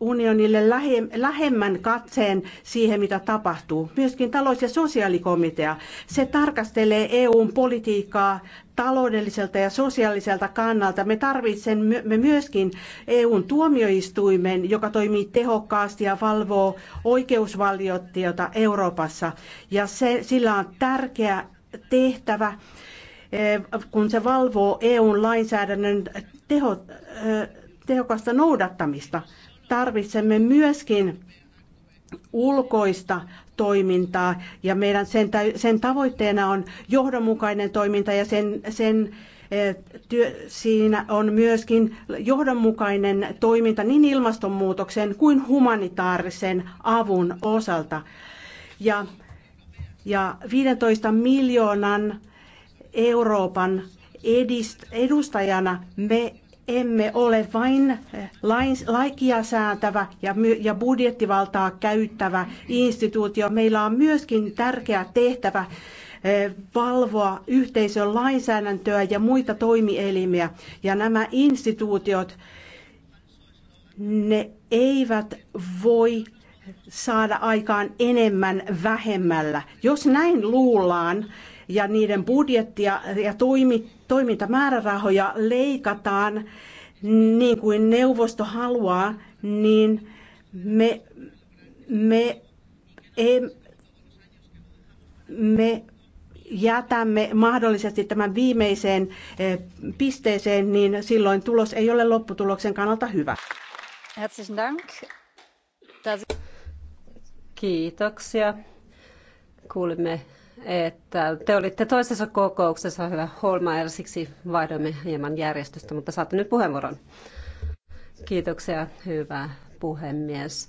unionille lähemmän katseen siihen, mitä tapahtuu. Myöskin talous- ja sosiaalikomitea. Se tarkastelee EUn politiikkaa taloudelliselta ja sosiaaliselta kannalta. Me tarvitsemme myöskin EUn tuomioistuimen, joka toimii tehokkaasti ja valvoo oikeusvaltiota Euroopassa. Ja se, sillä on tärkeä tehtävä, eh, kun se valvoo EUn lainsäädännön teho, eh, tehokasta noudattamista tarvitsemme myöskin ulkoista toimintaa ja meidän sen, sen tavoitteena on johdonmukainen toiminta ja sen, sen eh, työ, siinä on myöskin johdonmukainen toiminta niin ilmastonmuutoksen kuin humanitaarisen avun osalta. Ja, ja 15 miljoonan Euroopan edist, edustajana me emme ole vain eh, lain, laikia ja, ja budjettivaltaa käyttävä instituutio. Meillä on myöskin tärkeä tehtävä eh, valvoa yhteisön lainsäädäntöä ja muita toimielimiä. Ja nämä instituutiot, ne eivät voi saada aikaan enemmän vähemmällä. Jos näin luullaan, ja niiden budjettia ja toimi, toimintamäärärahoja leikataan niin kuin neuvosto haluaa, niin me, me, em, me jätämme mahdollisesti tämän viimeiseen eh, pisteeseen, niin silloin tulos ei ole lopputuloksen kannalta hyvä. Kiitoksia. Kuulimme että te olitte toisessa kokouksessa, hyvä Holmaer, siksi vaihdoimme hieman järjestystä, mutta saatte nyt puheenvuoron. Kiitoksia, hyvä puhemies.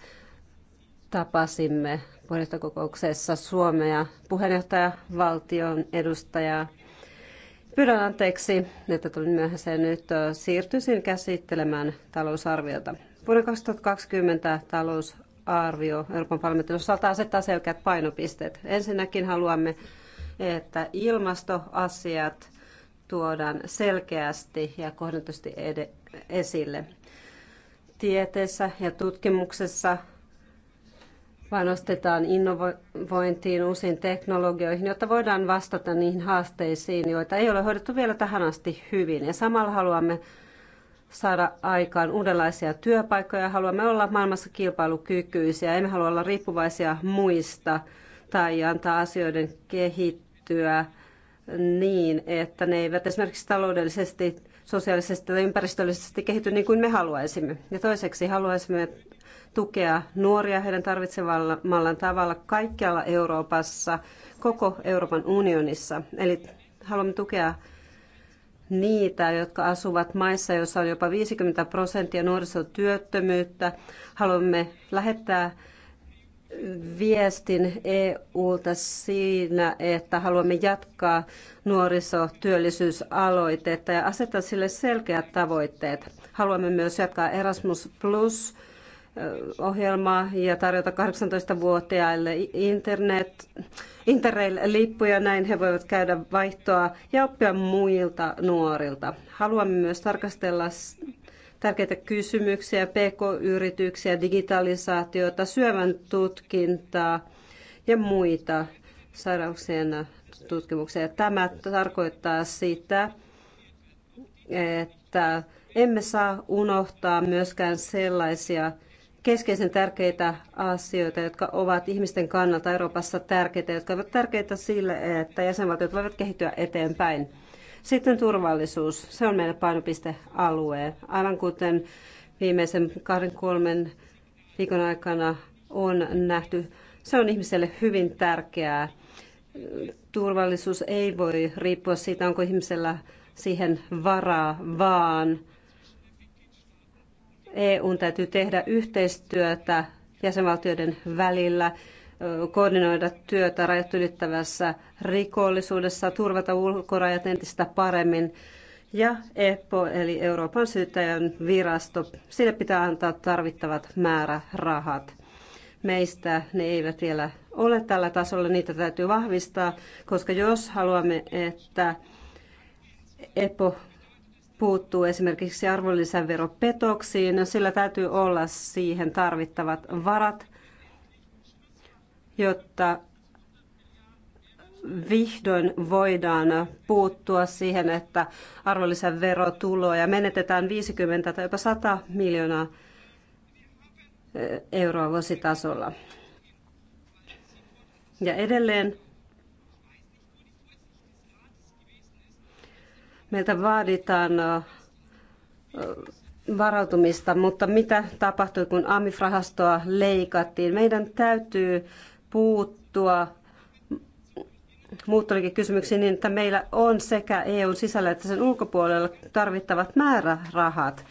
Tapasimme puheenjohtajakokouksessa Suomea puheenjohtaja valtion edustajaa. Pyydän anteeksi, että tulin myöhäiseen nyt siirtyisin käsittelemään talousarviota. Vuoden 2020 talous arvio Euroopan parlamentin osalta asettaa selkeät painopisteet. Ensinnäkin haluamme, että ilmastoasiat tuodaan selkeästi ja kohdentusti esille. Tieteessä ja tutkimuksessa panostetaan innovointiin, uusiin teknologioihin, jotta voidaan vastata niihin haasteisiin, joita ei ole hoidettu vielä tähän asti hyvin. Ja samalla haluamme saada aikaan uudenlaisia työpaikkoja. Haluamme olla maailmassa kilpailukykyisiä, emme halua olla riippuvaisia muista tai antaa asioiden kehittyä niin, että ne eivät esimerkiksi taloudellisesti, sosiaalisesti tai ympäristöllisesti kehity niin kuin me haluaisimme. Ja toiseksi haluaisimme tukea nuoria heidän tarvitsemallaan tavalla kaikkialla Euroopassa, koko Euroopan unionissa. Eli haluamme tukea niitä, jotka asuvat maissa, joissa on jopa 50 prosenttia nuorisotyöttömyyttä. Haluamme lähettää viestin EUlta siinä, että haluamme jatkaa nuorisotyöllisyysaloitetta ja asettaa sille selkeät tavoitteet. Haluamme myös jatkaa Erasmus Plus ohjelmaa ja tarjota 18-vuotiaille internet, Interrail-lippuja, näin he voivat käydä vaihtoa ja oppia muilta nuorilta. Haluamme myös tarkastella tärkeitä kysymyksiä, pk-yrityksiä, digitalisaatiota, syövän tutkintaa ja muita sairauksien tutkimuksia. Tämä tarkoittaa sitä, että emme saa unohtaa myöskään sellaisia keskeisen tärkeitä asioita, jotka ovat ihmisten kannalta Euroopassa tärkeitä, jotka ovat tärkeitä sille, että jäsenvaltiot voivat kehittyä eteenpäin. Sitten turvallisuus. Se on meidän painopistealue. Aivan kuten viimeisen kahden kolmen viikon aikana on nähty, se on ihmiselle hyvin tärkeää. Turvallisuus ei voi riippua siitä, onko ihmisellä siihen varaa, vaan – EUn täytyy tehdä yhteistyötä jäsenvaltioiden välillä, koordinoida työtä rajat ylittävässä rikollisuudessa, turvata ulkorajat entistä paremmin. Ja EPPO, eli Euroopan syyttäjän virasto, sille pitää antaa tarvittavat määrärahat. Meistä ne eivät vielä ole tällä tasolla, niitä täytyy vahvistaa, koska jos haluamme, että EPO puuttuu esimerkiksi arvonlisäveropetoksiin, no, sillä täytyy olla siihen tarvittavat varat, jotta vihdoin voidaan puuttua siihen, että arvonlisäverotuloja menetetään 50 tai jopa 100 miljoonaa eh, euroa vuositasolla. Ja edelleen Meiltä vaaditaan varautumista, mutta mitä tapahtui, kun AMIF-rahastoa leikattiin? Meidän täytyy puuttua kysymyksiin, niin, että meillä on sekä EUn sisällä että sen ulkopuolella tarvittavat määrärahat.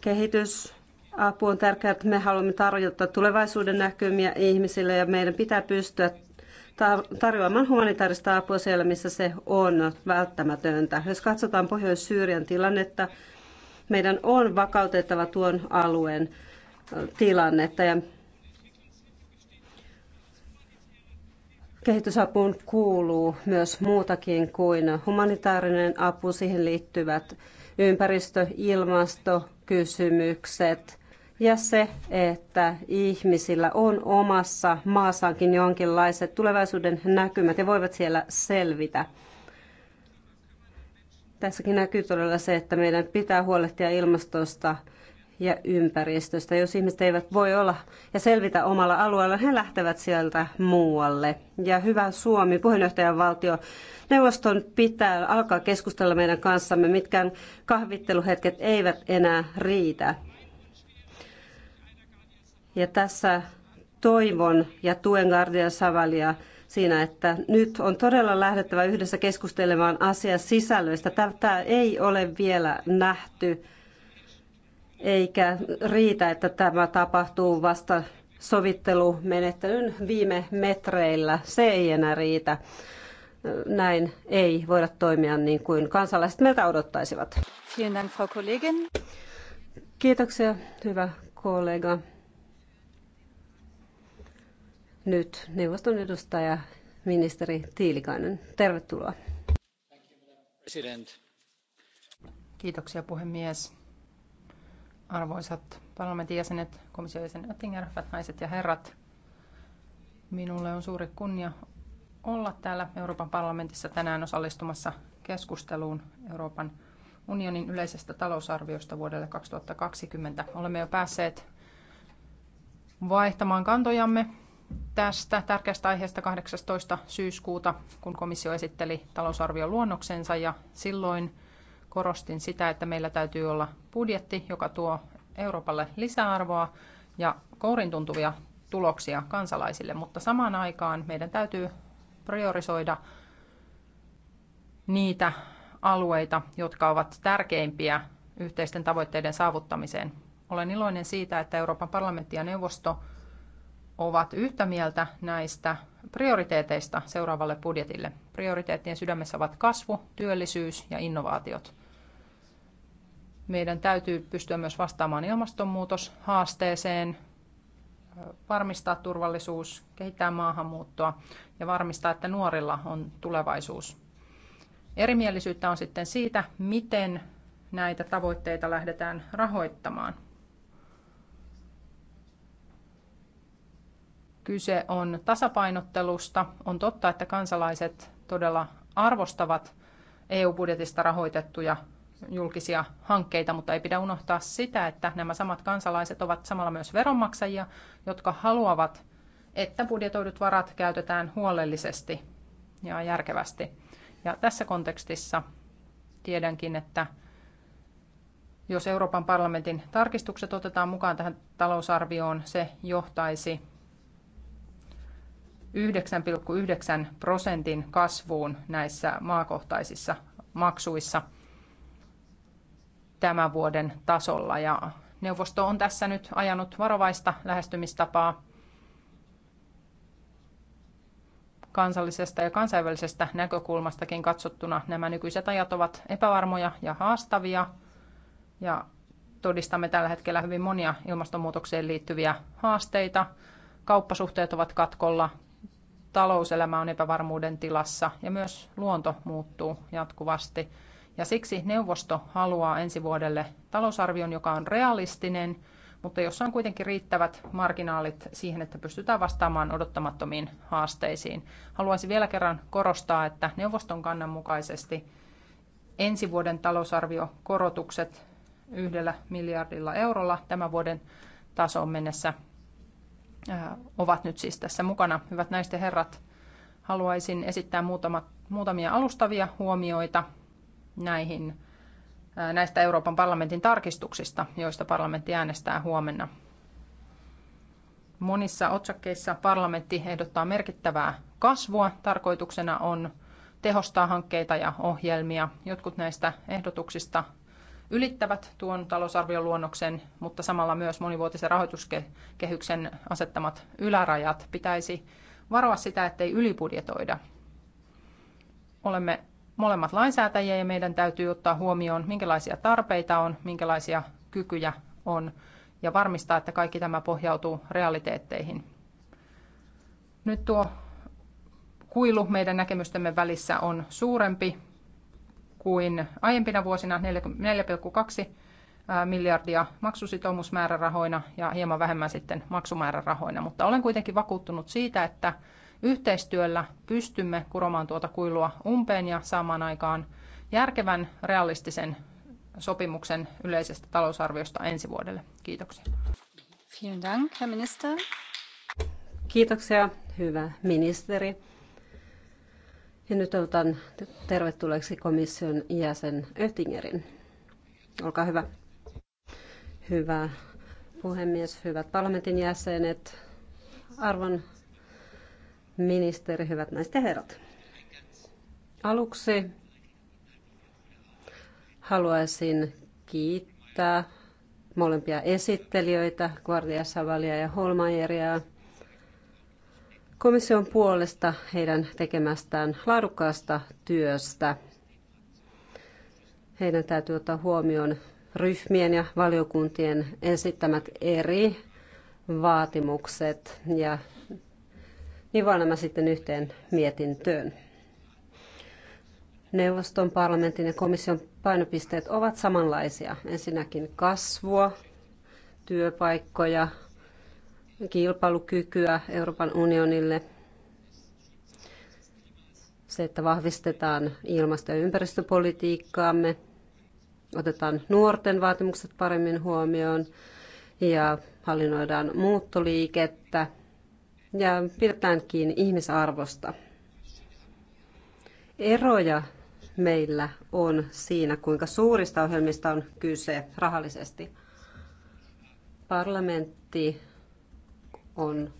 Kehitys apu on tärkeää, että me haluamme tarjota tulevaisuuden näkymiä ihmisille ja meidän pitää pystyä tarjoamaan humanitaarista apua siellä, missä se on välttämätöntä. Jos katsotaan Pohjois-Syyrian tilannetta, meidän on vakautettava tuon alueen tilannetta ja Kehitysapuun kuuluu myös muutakin kuin humanitaarinen apu, siihen liittyvät ympäristö-, ilmastokysymykset, ja se, että ihmisillä on omassa maassaankin jonkinlaiset tulevaisuuden näkymät ja voivat siellä selvitä. Tässäkin näkyy todella se, että meidän pitää huolehtia ilmastosta ja ympäristöstä. Jos ihmiset eivät voi olla ja selvitä omalla alueella, he lähtevät sieltä muualle. Ja hyvä Suomi, puheenjohtajan valtio, neuvoston pitää alkaa keskustella meidän kanssamme. Mitkään kahvitteluhetket eivät enää riitä. Ja tässä toivon ja tuen Gardia Savalia siinä, että nyt on todella lähdettävä yhdessä keskustelemaan asia sisällöistä. Tätä ei ole vielä nähty, eikä riitä, että tämä tapahtuu vasta sovittelumenettelyn viime metreillä. Se ei enää riitä. Näin ei voida toimia niin kuin kansalaiset meiltä odottaisivat. Dank, Frau Kollegin. Kiitoksia, hyvä kollega nyt neuvoston edustaja, ministeri Tiilikainen. Tervetuloa. Kiitoksia puhemies. Arvoisat parlamentin jäsenet, komission jäsen Oettinger, hyvät naiset ja herrat. Minulle on suuri kunnia olla täällä Euroopan parlamentissa tänään osallistumassa keskusteluun Euroopan unionin yleisestä talousarviosta vuodelle 2020. Olemme jo päässeet vaihtamaan kantojamme tästä tärkeästä aiheesta 18. syyskuuta, kun komissio esitteli talousarvion luonnoksensa ja silloin korostin sitä, että meillä täytyy olla budjetti, joka tuo Euroopalle lisäarvoa ja kourin tuntuvia tuloksia kansalaisille, mutta samaan aikaan meidän täytyy priorisoida niitä alueita, jotka ovat tärkeimpiä yhteisten tavoitteiden saavuttamiseen. Olen iloinen siitä, että Euroopan parlamentti ja neuvosto – ovat yhtä mieltä näistä prioriteeteista seuraavalle budjetille. Prioriteettien sydämessä ovat kasvu, työllisyys ja innovaatiot. Meidän täytyy pystyä myös vastaamaan ilmastonmuutoshaasteeseen, varmistaa turvallisuus, kehittää maahanmuuttoa ja varmistaa, että nuorilla on tulevaisuus. Erimielisyyttä on sitten siitä, miten näitä tavoitteita lähdetään rahoittamaan. Kyse on tasapainottelusta. On totta, että kansalaiset todella arvostavat EU-budjetista rahoitettuja julkisia hankkeita, mutta ei pidä unohtaa sitä, että nämä samat kansalaiset ovat samalla myös veronmaksajia, jotka haluavat, että budjetoidut varat käytetään huolellisesti ja järkevästi. Ja tässä kontekstissa tiedänkin, että jos Euroopan parlamentin tarkistukset otetaan mukaan tähän talousarvioon, se johtaisi 9,9 prosentin kasvuun näissä maakohtaisissa maksuissa tämän vuoden tasolla. Ja neuvosto on tässä nyt ajanut varovaista lähestymistapaa kansallisesta ja kansainvälisestä näkökulmastakin katsottuna. Nämä nykyiset ajat ovat epävarmoja ja haastavia ja todistamme tällä hetkellä hyvin monia ilmastonmuutokseen liittyviä haasteita. Kauppasuhteet ovat katkolla, talouselämä on epävarmuuden tilassa ja myös luonto muuttuu jatkuvasti. Ja siksi neuvosto haluaa ensi vuodelle talousarvion, joka on realistinen, mutta jossa on kuitenkin riittävät marginaalit siihen, että pystytään vastaamaan odottamattomiin haasteisiin. Haluaisin vielä kerran korostaa, että neuvoston kannan mukaisesti ensi vuoden talousarviokorotukset yhdellä miljardilla eurolla tämän vuoden tasoon mennessä ovat nyt siis tässä mukana. Hyvät naiset ja herrat, haluaisin esittää muutama, muutamia alustavia huomioita näihin, näistä Euroopan parlamentin tarkistuksista, joista parlamentti äänestää huomenna. Monissa otsakkeissa parlamentti ehdottaa merkittävää kasvua. Tarkoituksena on tehostaa hankkeita ja ohjelmia. Jotkut näistä ehdotuksista ylittävät tuon talousarvion luonnoksen, mutta samalla myös monivuotisen rahoituskehyksen asettamat ylärajat pitäisi varoa sitä, ettei ylibudjetoida. Olemme molemmat lainsäätäjiä ja meidän täytyy ottaa huomioon, minkälaisia tarpeita on, minkälaisia kykyjä on ja varmistaa, että kaikki tämä pohjautuu realiteetteihin. Nyt tuo kuilu meidän näkemystemme välissä on suurempi kuin aiempina vuosina 4,2 miljardia maksusitoumusmäärärahoina ja hieman vähemmän sitten maksumäärärahoina. Mutta olen kuitenkin vakuuttunut siitä, että yhteistyöllä pystymme kuromaan tuota kuilua umpeen ja saamaan aikaan järkevän, realistisen sopimuksen yleisestä talousarviosta ensi vuodelle. Kiitoksia. Vielen Dank, Herr Minister. Kiitoksia, hyvä ministeri. Ja nyt otan tervetulleeksi komission jäsen Oettingerin. Olkaa hyvä. Hyvä puhemies, hyvät parlamentin jäsenet, arvon ministeri, hyvät naiset ja herrat. Aluksi haluaisin kiittää molempia esittelijöitä, Guardia Savalia ja Holmajeria, komission puolesta heidän tekemästään laadukkaasta työstä. Heidän täytyy ottaa huomioon ryhmien ja valiokuntien esittämät eri vaatimukset ja nivoa niin nämä sitten yhteen mietintöön. Neuvoston, parlamentin ja komission painopisteet ovat samanlaisia. Ensinnäkin kasvua, työpaikkoja, kilpailukykyä Euroopan unionille. Se, että vahvistetaan ilmasto- ja ympäristöpolitiikkaamme, otetaan nuorten vaatimukset paremmin huomioon ja hallinnoidaan muuttoliikettä ja pidetään kiinni ihmisarvosta. Eroja meillä on siinä, kuinka suurista ohjelmista on kyse rahallisesti. Parlamentti on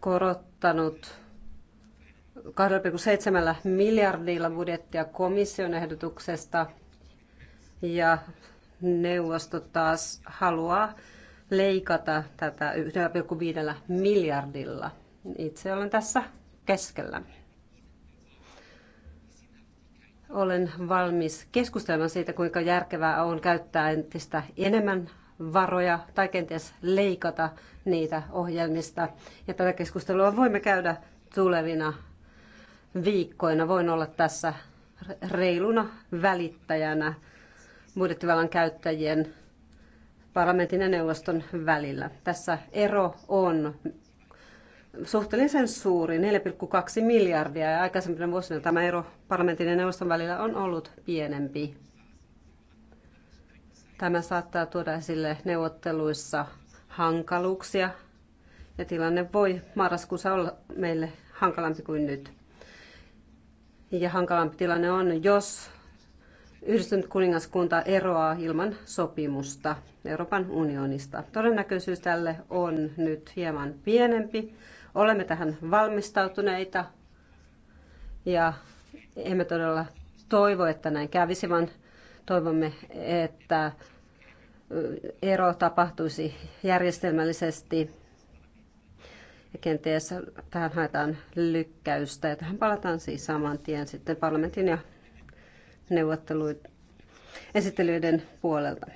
korottanut 2,7 miljardilla budjettia komission ehdotuksesta ja neuvosto taas haluaa leikata tätä 1,5 miljardilla. Itse olen tässä keskellä. Olen valmis keskustelemaan siitä, kuinka järkevää on käyttää entistä enemmän varoja tai kenties leikata niitä ohjelmista. Ja tätä keskustelua voimme käydä tulevina viikkoina. Voin olla tässä reiluna välittäjänä budjettivallan käyttäjien parlamentin ja neuvoston välillä. Tässä ero on suhteellisen suuri, 4,2 miljardia, ja aikaisemmin vuosina tämä ero parlamentin ja neuvoston välillä on ollut pienempi. Tämä saattaa tuoda esille neuvotteluissa hankaluuksia ja tilanne voi marraskuussa olla meille hankalampi kuin nyt. Ja hankalampi tilanne on, jos Yhdistynyt kuningaskunta eroaa ilman sopimusta Euroopan unionista. Todennäköisyys tälle on nyt hieman pienempi. Olemme tähän valmistautuneita ja emme todella toivo, että näin kävisi, vaan toivomme, että ero tapahtuisi järjestelmällisesti ja kenties tähän haetaan lykkäystä ja tähän palataan siis saman tien sitten parlamentin ja neuvotteluiden esittelyiden puolelta.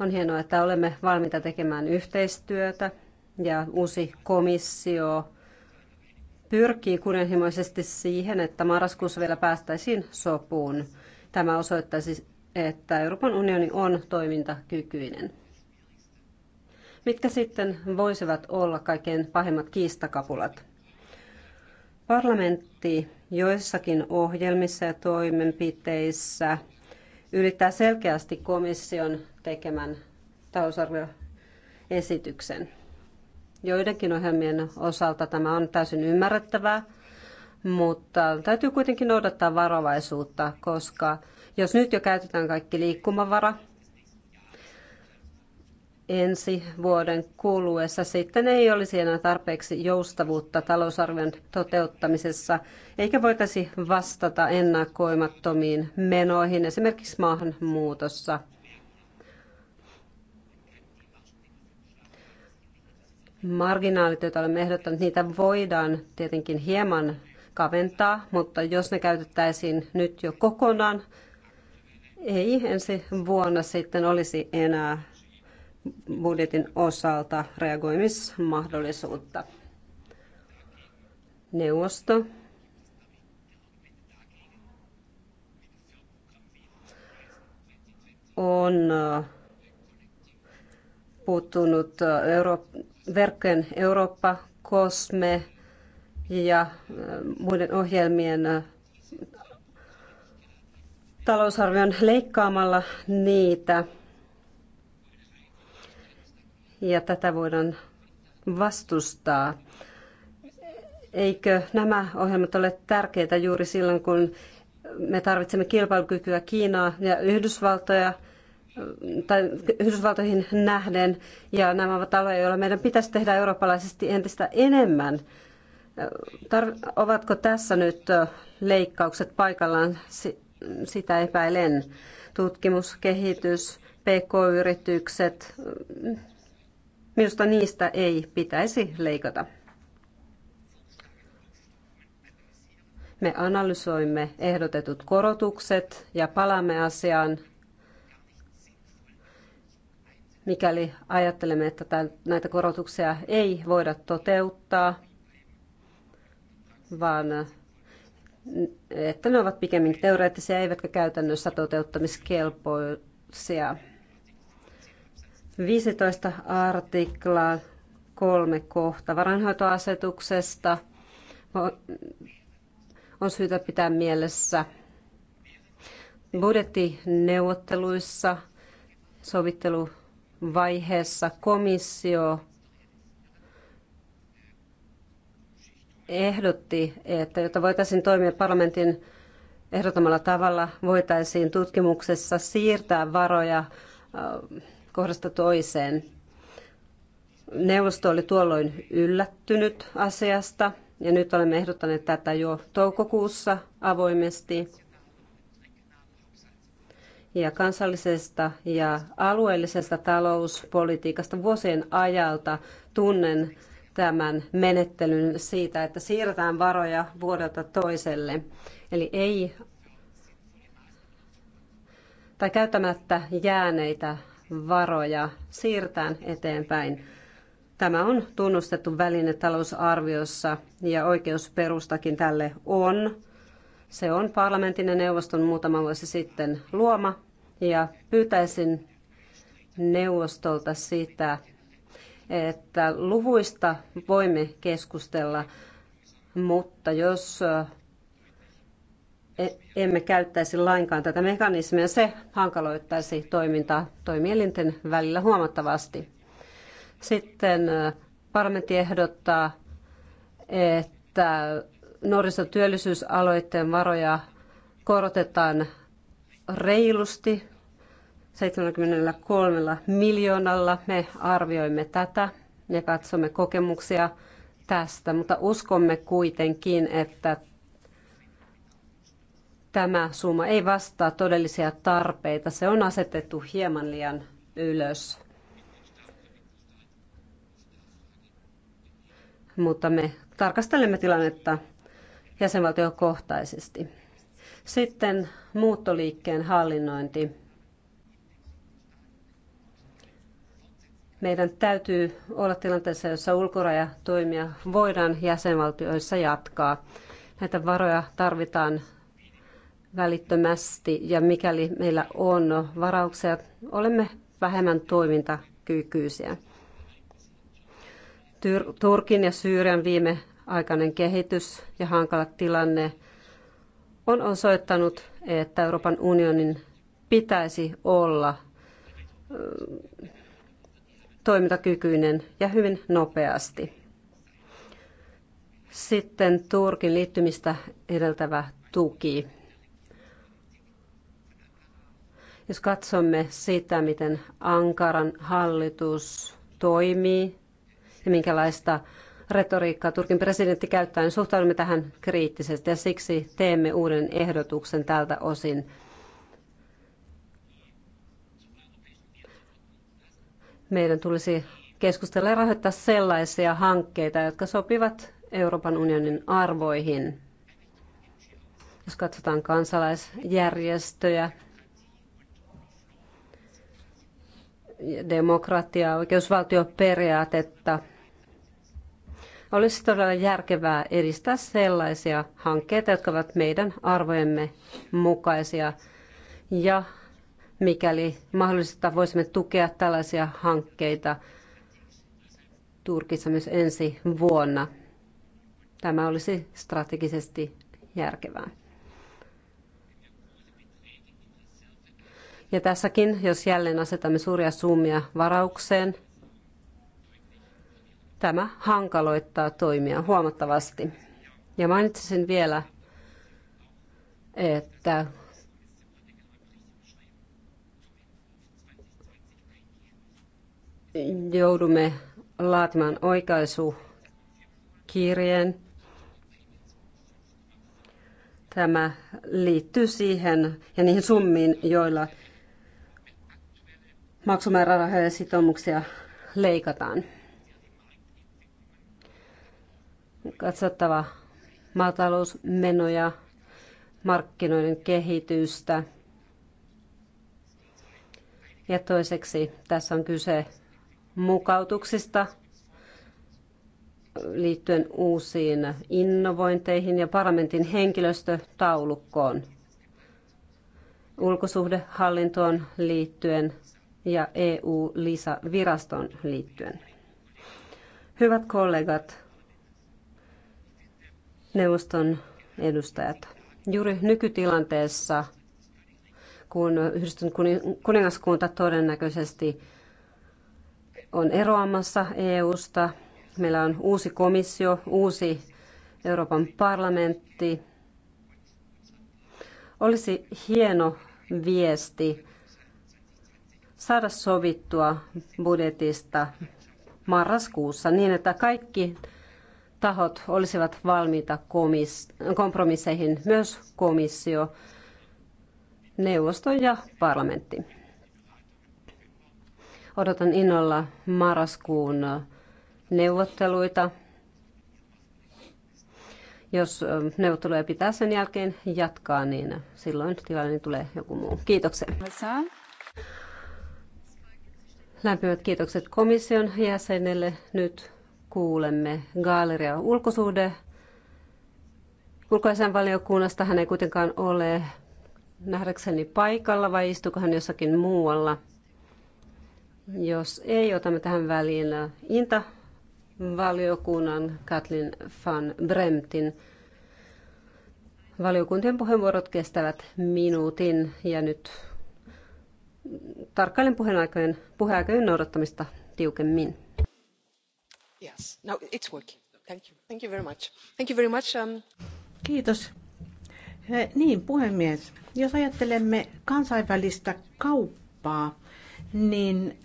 On hienoa, että olemme valmiita tekemään yhteistyötä ja uusi komissio pyrkii kunnianhimoisesti siihen, että marraskuussa vielä päästäisiin sopuun. Tämä osoittaisi että Euroopan unioni on toimintakykyinen. Mitkä sitten voisivat olla kaikkein pahimmat kiistakapulat? Parlamentti joissakin ohjelmissa ja toimenpiteissä ylittää selkeästi komission tekemän talousarvioesityksen. Joidenkin ohjelmien osalta tämä on täysin ymmärrettävää, mutta täytyy kuitenkin noudattaa varovaisuutta, koska jos nyt jo käytetään kaikki liikkumavara, ensi vuoden kuluessa sitten ei olisi enää tarpeeksi joustavuutta talousarvion toteuttamisessa, eikä voitaisi vastata ennakoimattomiin menoihin, esimerkiksi maahanmuutossa. Marginaalit, joita olemme ehdottaneet, niitä voidaan tietenkin hieman kaventaa, mutta jos ne käytettäisiin nyt jo kokonaan, ei ensi vuonna sitten olisi enää budjetin osalta reagoimismahdollisuutta. Neuvosto on äh, puuttunut äh, Euro- verkkojen Eurooppa, Kosme ja äh, muiden ohjelmien äh, talousarvion leikkaamalla niitä. Ja tätä voidaan vastustaa. Eikö nämä ohjelmat ole tärkeitä juuri silloin, kun me tarvitsemme kilpailukykyä Kiinaa ja Yhdysvaltoja äh, tai Yhdysvaltoihin nähden, ja nämä ovat aloja, joilla meidän pitäisi tehdä eurooppalaisesti entistä enemmän – Tar- ovatko tässä nyt leikkaukset paikallaan? Sitä epäilen. Tutkimus, kehitys, pk-yritykset, minusta niistä ei pitäisi leikata. Me analysoimme ehdotetut korotukset ja palaamme asiaan, mikäli ajattelemme, että näitä korotuksia ei voida toteuttaa – vaan että ne ovat pikemminkin teoreettisia eivätkä käytännössä toteuttamiskelpoisia. 15 artiklaa, kolme kohta varainhoitoasetuksesta on syytä pitää mielessä. Budjettineuvotteluissa sovitteluvaiheessa komissio ehdotti, että jotta voitaisiin toimia parlamentin ehdottamalla tavalla, voitaisiin tutkimuksessa siirtää varoja kohdasta toiseen. Neuvosto oli tuolloin yllättynyt asiasta ja nyt olemme ehdottaneet tätä jo toukokuussa avoimesti. Ja kansallisesta ja alueellisesta talouspolitiikasta vuosien ajalta tunnen tämän menettelyn siitä, että siirretään varoja vuodelta toiselle. Eli ei tai käyttämättä jääneitä varoja siirtään eteenpäin. Tämä on tunnustettu väline talousarviossa ja oikeusperustakin tälle on. Se on parlamentin ja neuvoston muutama vuosi sitten luoma ja pyytäisin neuvostolta sitä, että luvuista voimme keskustella, mutta jos e, emme käyttäisi lainkaan tätä mekanismia, se hankaloittaisi toimintaa toimielinten välillä huomattavasti. Sitten parlamentti ehdottaa, että nuorisotyöllisyysaloitteen varoja korotetaan reilusti 73 miljoonalla. Me arvioimme tätä ja katsomme kokemuksia tästä, mutta uskomme kuitenkin, että tämä summa ei vastaa todellisia tarpeita. Se on asetettu hieman liian ylös. Mutta me tarkastelemme tilannetta jäsenvaltiokohtaisesti. Sitten muuttoliikkeen hallinnointi. Meidän täytyy olla tilanteessa, jossa ulkorajatoimia voidaan jäsenvaltioissa jatkaa. Näitä varoja tarvitaan välittömästi ja mikäli meillä on varauksia, olemme vähemmän toimintakykyisiä. Turkin ja Syyrian viimeaikainen kehitys ja hankala tilanne on osoittanut, että Euroopan unionin pitäisi olla toimintakykyinen ja hyvin nopeasti. Sitten Turkin liittymistä edeltävä tuki. Jos katsomme sitä, miten Ankaran hallitus toimii ja minkälaista retoriikkaa Turkin presidentti käyttää, niin suhtaudumme tähän kriittisesti ja siksi teemme uuden ehdotuksen tältä osin. Meidän tulisi keskustella ja rahoittaa sellaisia hankkeita, jotka sopivat Euroopan unionin arvoihin. Jos katsotaan kansalaisjärjestöjä, demokratiaa, oikeusvaltioperiaatetta, olisi todella järkevää edistää sellaisia hankkeita, jotka ovat meidän arvojemme mukaisia ja mikäli mahdollista voisimme tukea tällaisia hankkeita Turkissa myös ensi vuonna. Tämä olisi strategisesti järkevää. Ja tässäkin, jos jälleen asetamme suuria summia varaukseen, tämä hankaloittaa toimia huomattavasti. Ja mainitsisin vielä, että joudumme laatimaan oikaisukirjeen. Tämä liittyy siihen ja niihin summiin, joilla maksumäärärahoja ja sitoumuksia leikataan. Katsottava maatalousmenoja, markkinoiden kehitystä. Ja toiseksi tässä on kyse mukautuksista liittyen uusiin innovointeihin ja parlamentin henkilöstötaulukkoon ulkosuhdehallintoon liittyen ja eu lisäviraston liittyen. Hyvät kollegat, neuvoston edustajat, juuri nykytilanteessa, kun yhdistynyt kuningaskunta todennäköisesti on eroamassa EUsta. Meillä on uusi komissio, uusi Euroopan parlamentti. Olisi hieno viesti saada sovittua budjetista marraskuussa niin, että kaikki tahot olisivat valmiita kompromisseihin, myös komissio, neuvosto ja parlamentti. Odotan innolla marraskuun neuvotteluita. Jos neuvotteluja pitää sen jälkeen jatkaa, niin silloin tilanne tulee joku muu. Kiitoksia. Lämpimät kiitokset komission jäsenelle. Nyt kuulemme galeria ulkosuhde. Ulkoisen valiokunnasta hän ei kuitenkaan ole nähdäkseni paikalla vai istuuko hän jossakin muualla. Jos ei, otamme tähän väliin äh, Inta-valiokunnan Katlin van Bremtin. Valiokuntien puheenvuorot kestävät minuutin ja nyt tarkkailen puheenaikojen, puheenaikojen noudattamista tiukemmin. Yes, now it's working. Thank you. Thank you very much. Thank you very much. Um... Kiitos. Eh, niin, puhemies. Jos ajattelemme kansainvälistä kauppaa, niin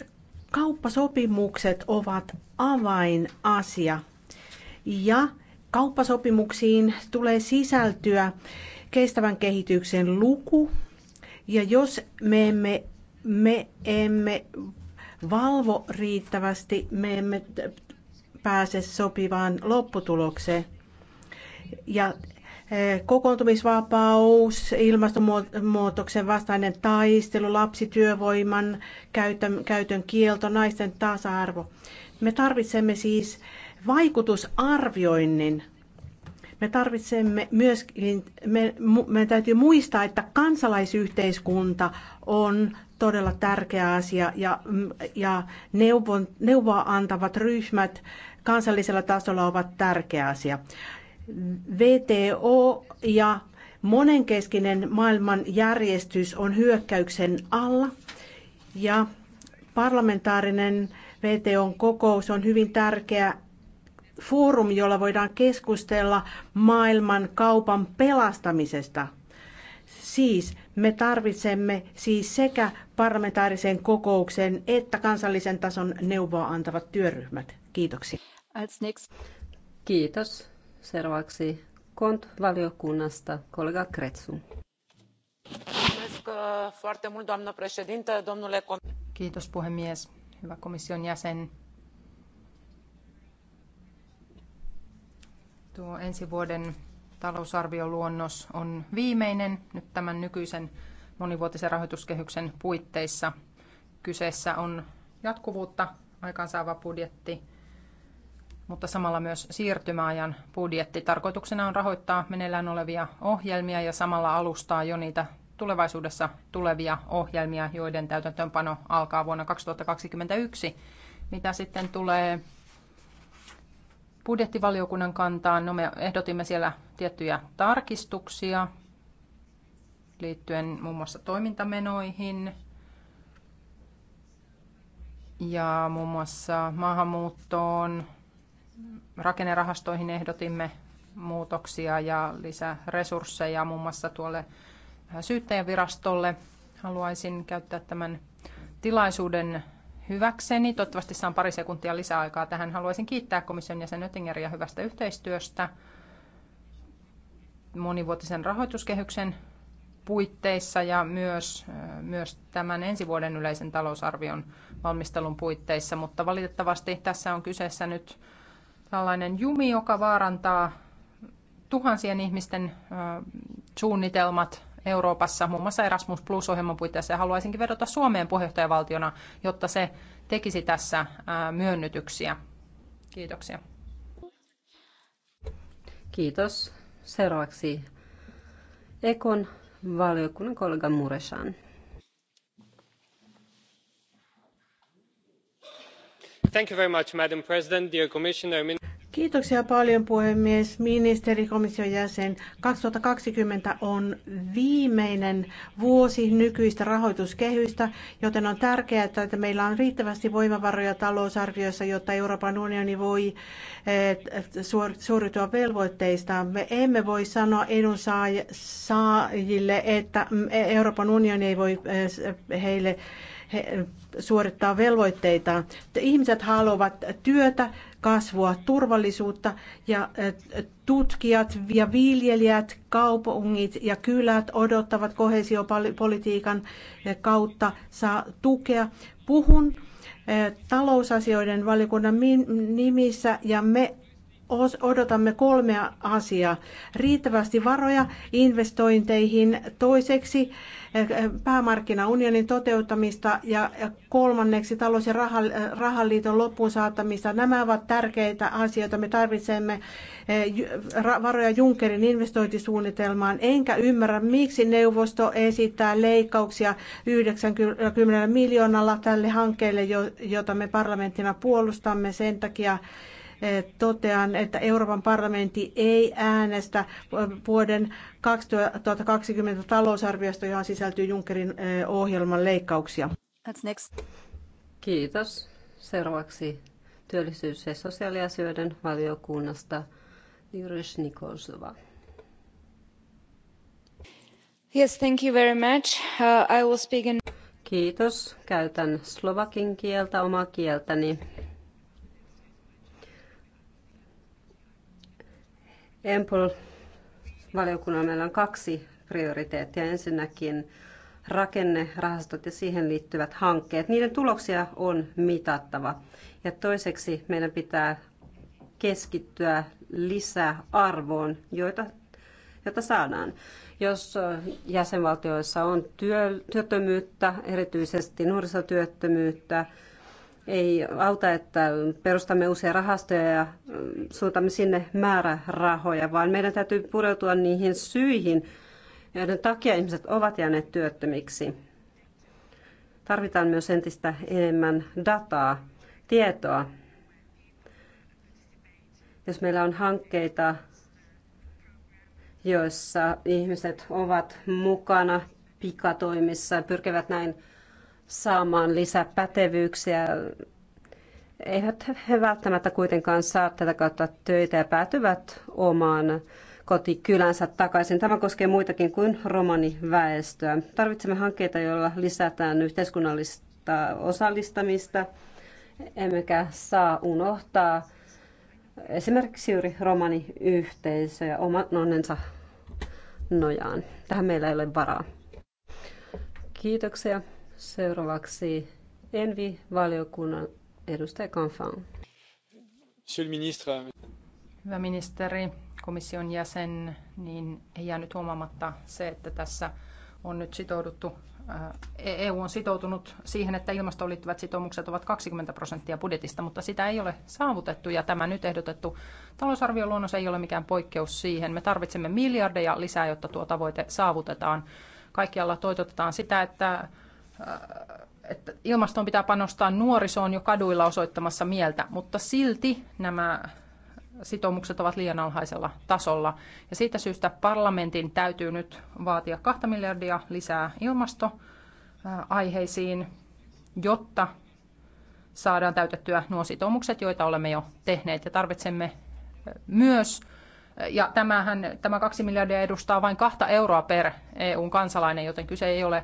kauppasopimukset ovat avainasia. Ja kauppasopimuksiin tulee sisältyä kestävän kehityksen luku. Ja jos me emme, me emme valvo riittävästi, me emme pääse sopivaan lopputulokseen. Ja Eh, kokoontumisvapaus, ilmastonmuutoksen vastainen taistelu, lapsityövoiman käytön, käytön kielto, naisten tasa-arvo. Me tarvitsemme siis vaikutusarvioinnin. Me tarvitsemme myöskin, me, me täytyy muistaa, että kansalaisyhteiskunta on todella tärkeä asia ja, ja neuvon, neuvoa antavat ryhmät kansallisella tasolla ovat tärkeä asia. VTO ja monenkeskinen maailmanjärjestys on hyökkäyksen alla ja parlamentaarinen wto kokous on hyvin tärkeä foorumi, jolla voidaan keskustella maailman kaupan pelastamisesta. Siis me tarvitsemme siis sekä parlamentaarisen kokouksen että kansallisen tason neuvoa antavat työryhmät. Kiitoksia. Kiitos. Seuraavaksi KONT-valiokunnasta kollega Kretsu. Uh, Kiitos puhemies, hyvä komission jäsen. Tuo ensi vuoden talousarvioluonnos on viimeinen nyt tämän nykyisen monivuotisen rahoituskehyksen puitteissa. Kyseessä on jatkuvuutta aikaansaava budjetti – mutta samalla myös siirtymäajan budjetti. Tarkoituksena on rahoittaa meneillään olevia ohjelmia ja samalla alustaa jo niitä tulevaisuudessa tulevia ohjelmia, joiden täytäntöönpano alkaa vuonna 2021. Mitä sitten tulee budjettivaliokunnan kantaan, no me ehdotimme siellä tiettyjä tarkistuksia liittyen muun muassa toimintamenoihin ja muun muassa maahanmuuttoon, rakennerahastoihin ehdotimme muutoksia ja lisäresursseja muun muassa tuolle syyttäjävirastolle. Haluaisin käyttää tämän tilaisuuden hyväkseni. Toivottavasti saan pari sekuntia lisäaikaa tähän. Haluaisin kiittää komission jäsen Oettingeria hyvästä yhteistyöstä monivuotisen rahoituskehyksen puitteissa ja myös, myös tämän ensi vuoden yleisen talousarvion valmistelun puitteissa, mutta valitettavasti tässä on kyseessä nyt tällainen jumi, joka vaarantaa tuhansien ihmisten suunnitelmat Euroopassa, muun muassa Erasmus Plus-ohjelman puitteissa. Ja haluaisinkin vedota Suomeen puheenjohtajavaltiona, jotta se tekisi tässä myönnytyksiä. Kiitoksia. Kiitos. Seuraavaksi Ekon valiokunnan kollega Muresan. Kiitoksia paljon puhemies, ministeri, komission jäsen. 2020 on viimeinen vuosi nykyistä rahoituskehystä, joten on tärkeää, että meillä on riittävästi voimavaroja talousarviossa, jotta Euroopan unioni voi eh, suoritua velvoitteistaan. Me emme voi sanoa edunsaajille, että mm, Euroopan unioni ei voi eh, heille suorittaa velvoitteita. Ihmiset haluavat työtä, kasvua, turvallisuutta ja tutkijat ja viljelijät, kaupungit ja kylät odottavat kohesiopolitiikan kautta saa tukea. Puhun talousasioiden valiokunnan nimissä ja me odotamme kolmea asiaa. Riittävästi varoja investointeihin, toiseksi eh, eh, päämarkkinaunionin toteuttamista ja kolmanneksi talous- ja eh, rahaliiton loppuun saattamista. Nämä ovat tärkeitä asioita. Me tarvitsemme varoja Junckerin investointisuunnitelmaan. Enkä ymmärrä, miksi neuvosto esittää leikkauksia 90 miljoonalla tälle hankkeelle, jota me parlamenttina puolustamme sen takia totean, että Euroopan parlamentti ei äänestä vuoden 2020 talousarviosta, johon sisältyy Junckerin eh, ohjelman leikkauksia. Kiitos. Seuraavaksi työllisyys- ja sosiaaliasioiden valiokunnasta Juris Nikolsova. Yes, thank you very much. Uh, I will speak in... Kiitos. Käytän slovakin kieltä, omaa kieltäni. Empol-valiokunnalla meillä on kaksi prioriteettia. Ensinnäkin rakennerahastot ja siihen liittyvät hankkeet. Niiden tuloksia on mitattava. Ja toiseksi meidän pitää keskittyä lisää arvoon, joita, jota saadaan. Jos jäsenvaltioissa on työ, työttömyyttä, erityisesti nuorisotyöttömyyttä, ei auta, että perustamme uusia rahastoja ja suuntamme sinne määrärahoja, vaan meidän täytyy pureutua niihin syihin, joiden takia ihmiset ovat jääneet työttömiksi. Tarvitaan myös entistä enemmän dataa, tietoa. Jos meillä on hankkeita, joissa ihmiset ovat mukana pikatoimissa ja pyrkivät näin saamaan lisäpätevyyksiä. Eivät he välttämättä kuitenkaan saa tätä kautta töitä ja päätyvät omaan kotikylänsä takaisin. Tämä koskee muitakin kuin romaniväestöä. Tarvitsemme hankkeita, joilla lisätään yhteiskunnallista osallistamista, emmekä saa unohtaa esimerkiksi juuri romaniyhteisöjä oman onnensa nojaan. Tähän meillä ei ole varaa. Kiitoksia. Seuraavaksi Envi-valiokunnan edustaja Kanfan. Hyvä ministeri, komission jäsen, niin ei jäänyt huomaamatta se, että tässä on nyt sitouduttu EU e on sitoutunut siihen, että ilmastoon liittyvät sitoumukset ovat 20 prosenttia budjetista, mutta sitä ei ole saavutettu ja tämä nyt ehdotettu talousarvioluonnos ei ole mikään poikkeus siihen. Me tarvitsemme miljardeja lisää, jotta tuo tavoite saavutetaan. Kaikkialla toitotetaan sitä, että Äh, että ilmastoon pitää panostaa nuorisoon jo kaduilla osoittamassa mieltä, mutta silti nämä sitoumukset ovat liian alhaisella tasolla. Ja siitä syystä parlamentin täytyy nyt vaatia kahta miljardia lisää ilmastoaiheisiin, äh, jotta saadaan täytettyä nuo sitoumukset, joita olemme jo tehneet. Ja tarvitsemme äh, myös, ja tämähän, tämä kaksi miljardia edustaa vain kahta euroa per eu kansalainen, joten kyse ei ole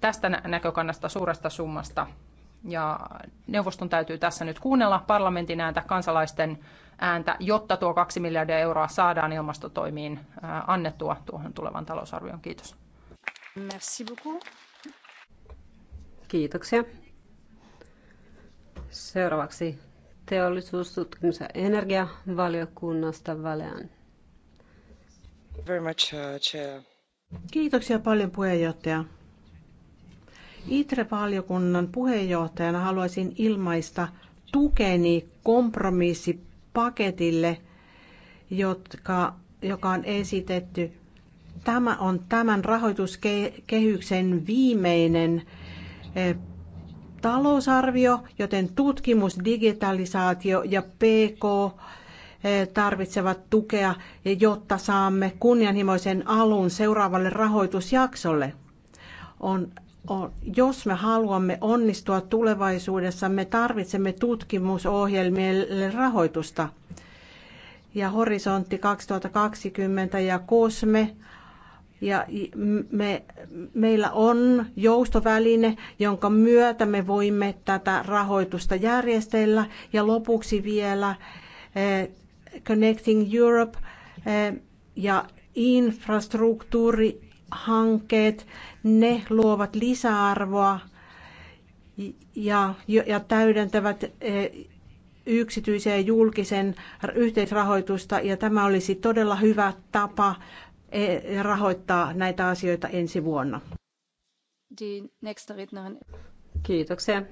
tästä näkökannasta suuresta summasta. Ja neuvoston täytyy tässä nyt kuunnella parlamentin ääntä, kansalaisten ääntä, jotta tuo kaksi miljardia euroa saadaan ilmastotoimiin annettua tuohon tulevan talousarvioon. Kiitos. Merci beaucoup. Kiitoksia. Seuraavaksi teollisuus, tutkimus- ja energiavaliokunnasta Valean. Very much, uh, chair. Kiitoksia paljon puheenjohtaja. ITRE-valiokunnan puheenjohtajana haluaisin ilmaista tukeni kompromissipaketille, jotka, joka on esitetty. Tämä on tämän rahoituskehyksen viimeinen e, talousarvio, joten tutkimus, digitalisaatio ja PK e, tarvitsevat tukea, jotta saamme kunnianhimoisen alun seuraavalle rahoitusjaksolle. On jos me haluamme onnistua tulevaisuudessa, me tarvitsemme tutkimusohjelmille rahoitusta. Ja Horisontti 2020 ja Kosme ja me, meillä on joustoväline, jonka myötä me voimme tätä rahoitusta järjestellä. Ja lopuksi vielä eh, Connecting Europe eh, ja infrastruktuuri hankkeet, ne luovat lisäarvoa ja, ja täydentävät e, yksityisen ja julkisen yhteisrahoitusta ja tämä olisi todella hyvä tapa e, rahoittaa näitä asioita ensi vuonna. Kiitoksia.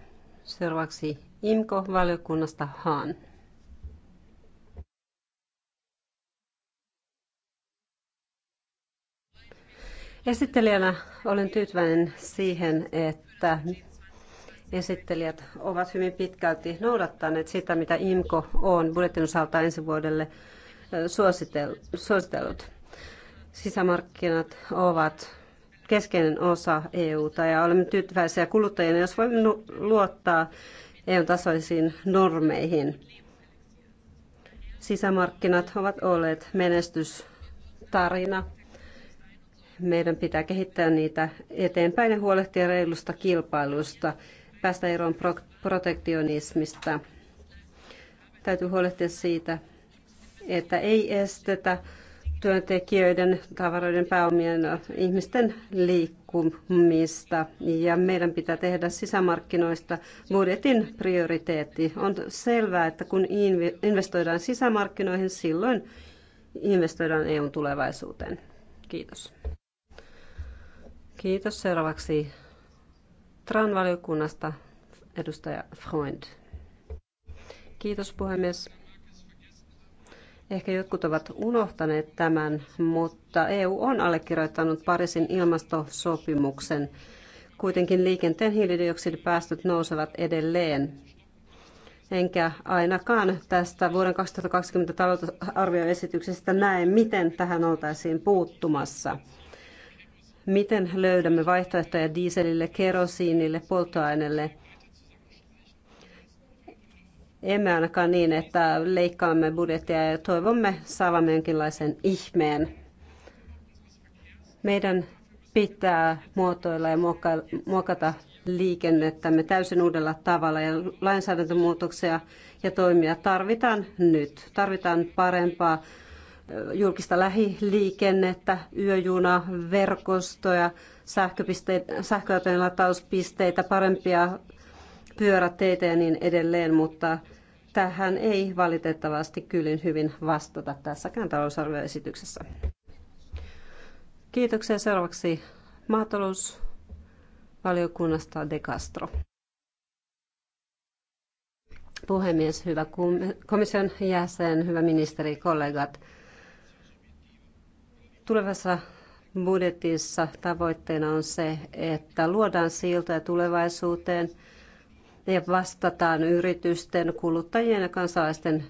Seuraavaksi IMKO-valiokunnasta Haan. Esittelijänä olen tyytyväinen siihen, että esittelijät ovat hyvin pitkälti noudattaneet sitä, mitä IMKO on budjetin osalta ensi vuodelle suositellut. Sisämarkkinat ovat keskeinen osa EUta ja olemme tyytyväisiä kuluttajina, jos voimme luottaa EU-tasoisiin normeihin. Sisämarkkinat ovat olleet menestystarina meidän pitää kehittää niitä eteenpäin ja huolehtia reilusta kilpailusta, päästä eroon protektionismista. Täytyy huolehtia siitä, että ei estetä työntekijöiden, tavaroiden, pääomien, ihmisten liikkumista. Ja meidän pitää tehdä sisämarkkinoista budjetin prioriteetti. On selvää, että kun investoidaan sisämarkkinoihin, silloin investoidaan EUn tulevaisuuteen. Kiitos. Kiitos. Seuraavaksi TRAN-valiokunnasta edustaja Freund. Kiitos puhemies. Ehkä jotkut ovat unohtaneet tämän, mutta EU on allekirjoittanut Pariisin ilmastosopimuksen. Kuitenkin liikenteen hiilidioksidipäästöt nousevat edelleen. Enkä ainakaan tästä vuoden 2020 talousarvioesityksestä näe, miten tähän oltaisiin puuttumassa miten löydämme vaihtoehtoja dieselille, kerosiinille, polttoaineelle. Emme ainakaan niin, että leikkaamme budjettia ja toivomme saavamme jonkinlaisen ihmeen. Meidän pitää muotoilla ja muokata liikennettämme täysin uudella tavalla ja lainsäädäntömuutoksia ja toimia tarvitaan nyt. Tarvitaan parempaa julkista lähiliikennettä, yöjuna, verkostoja, sähköautojen latauspisteitä, parempia pyöräteitä ja niin edelleen, mutta tähän ei valitettavasti kyllin hyvin vastata tässäkään talousarvioesityksessä. Kiitoksia seuraavaksi maatalousvaliokunnasta De Castro. Puhemies, hyvä komission jäsen, hyvä ministeri, kollegat. Tulevassa budjetissa tavoitteena on se, että luodaan siltoja tulevaisuuteen ja vastataan yritysten, kuluttajien ja kansalaisten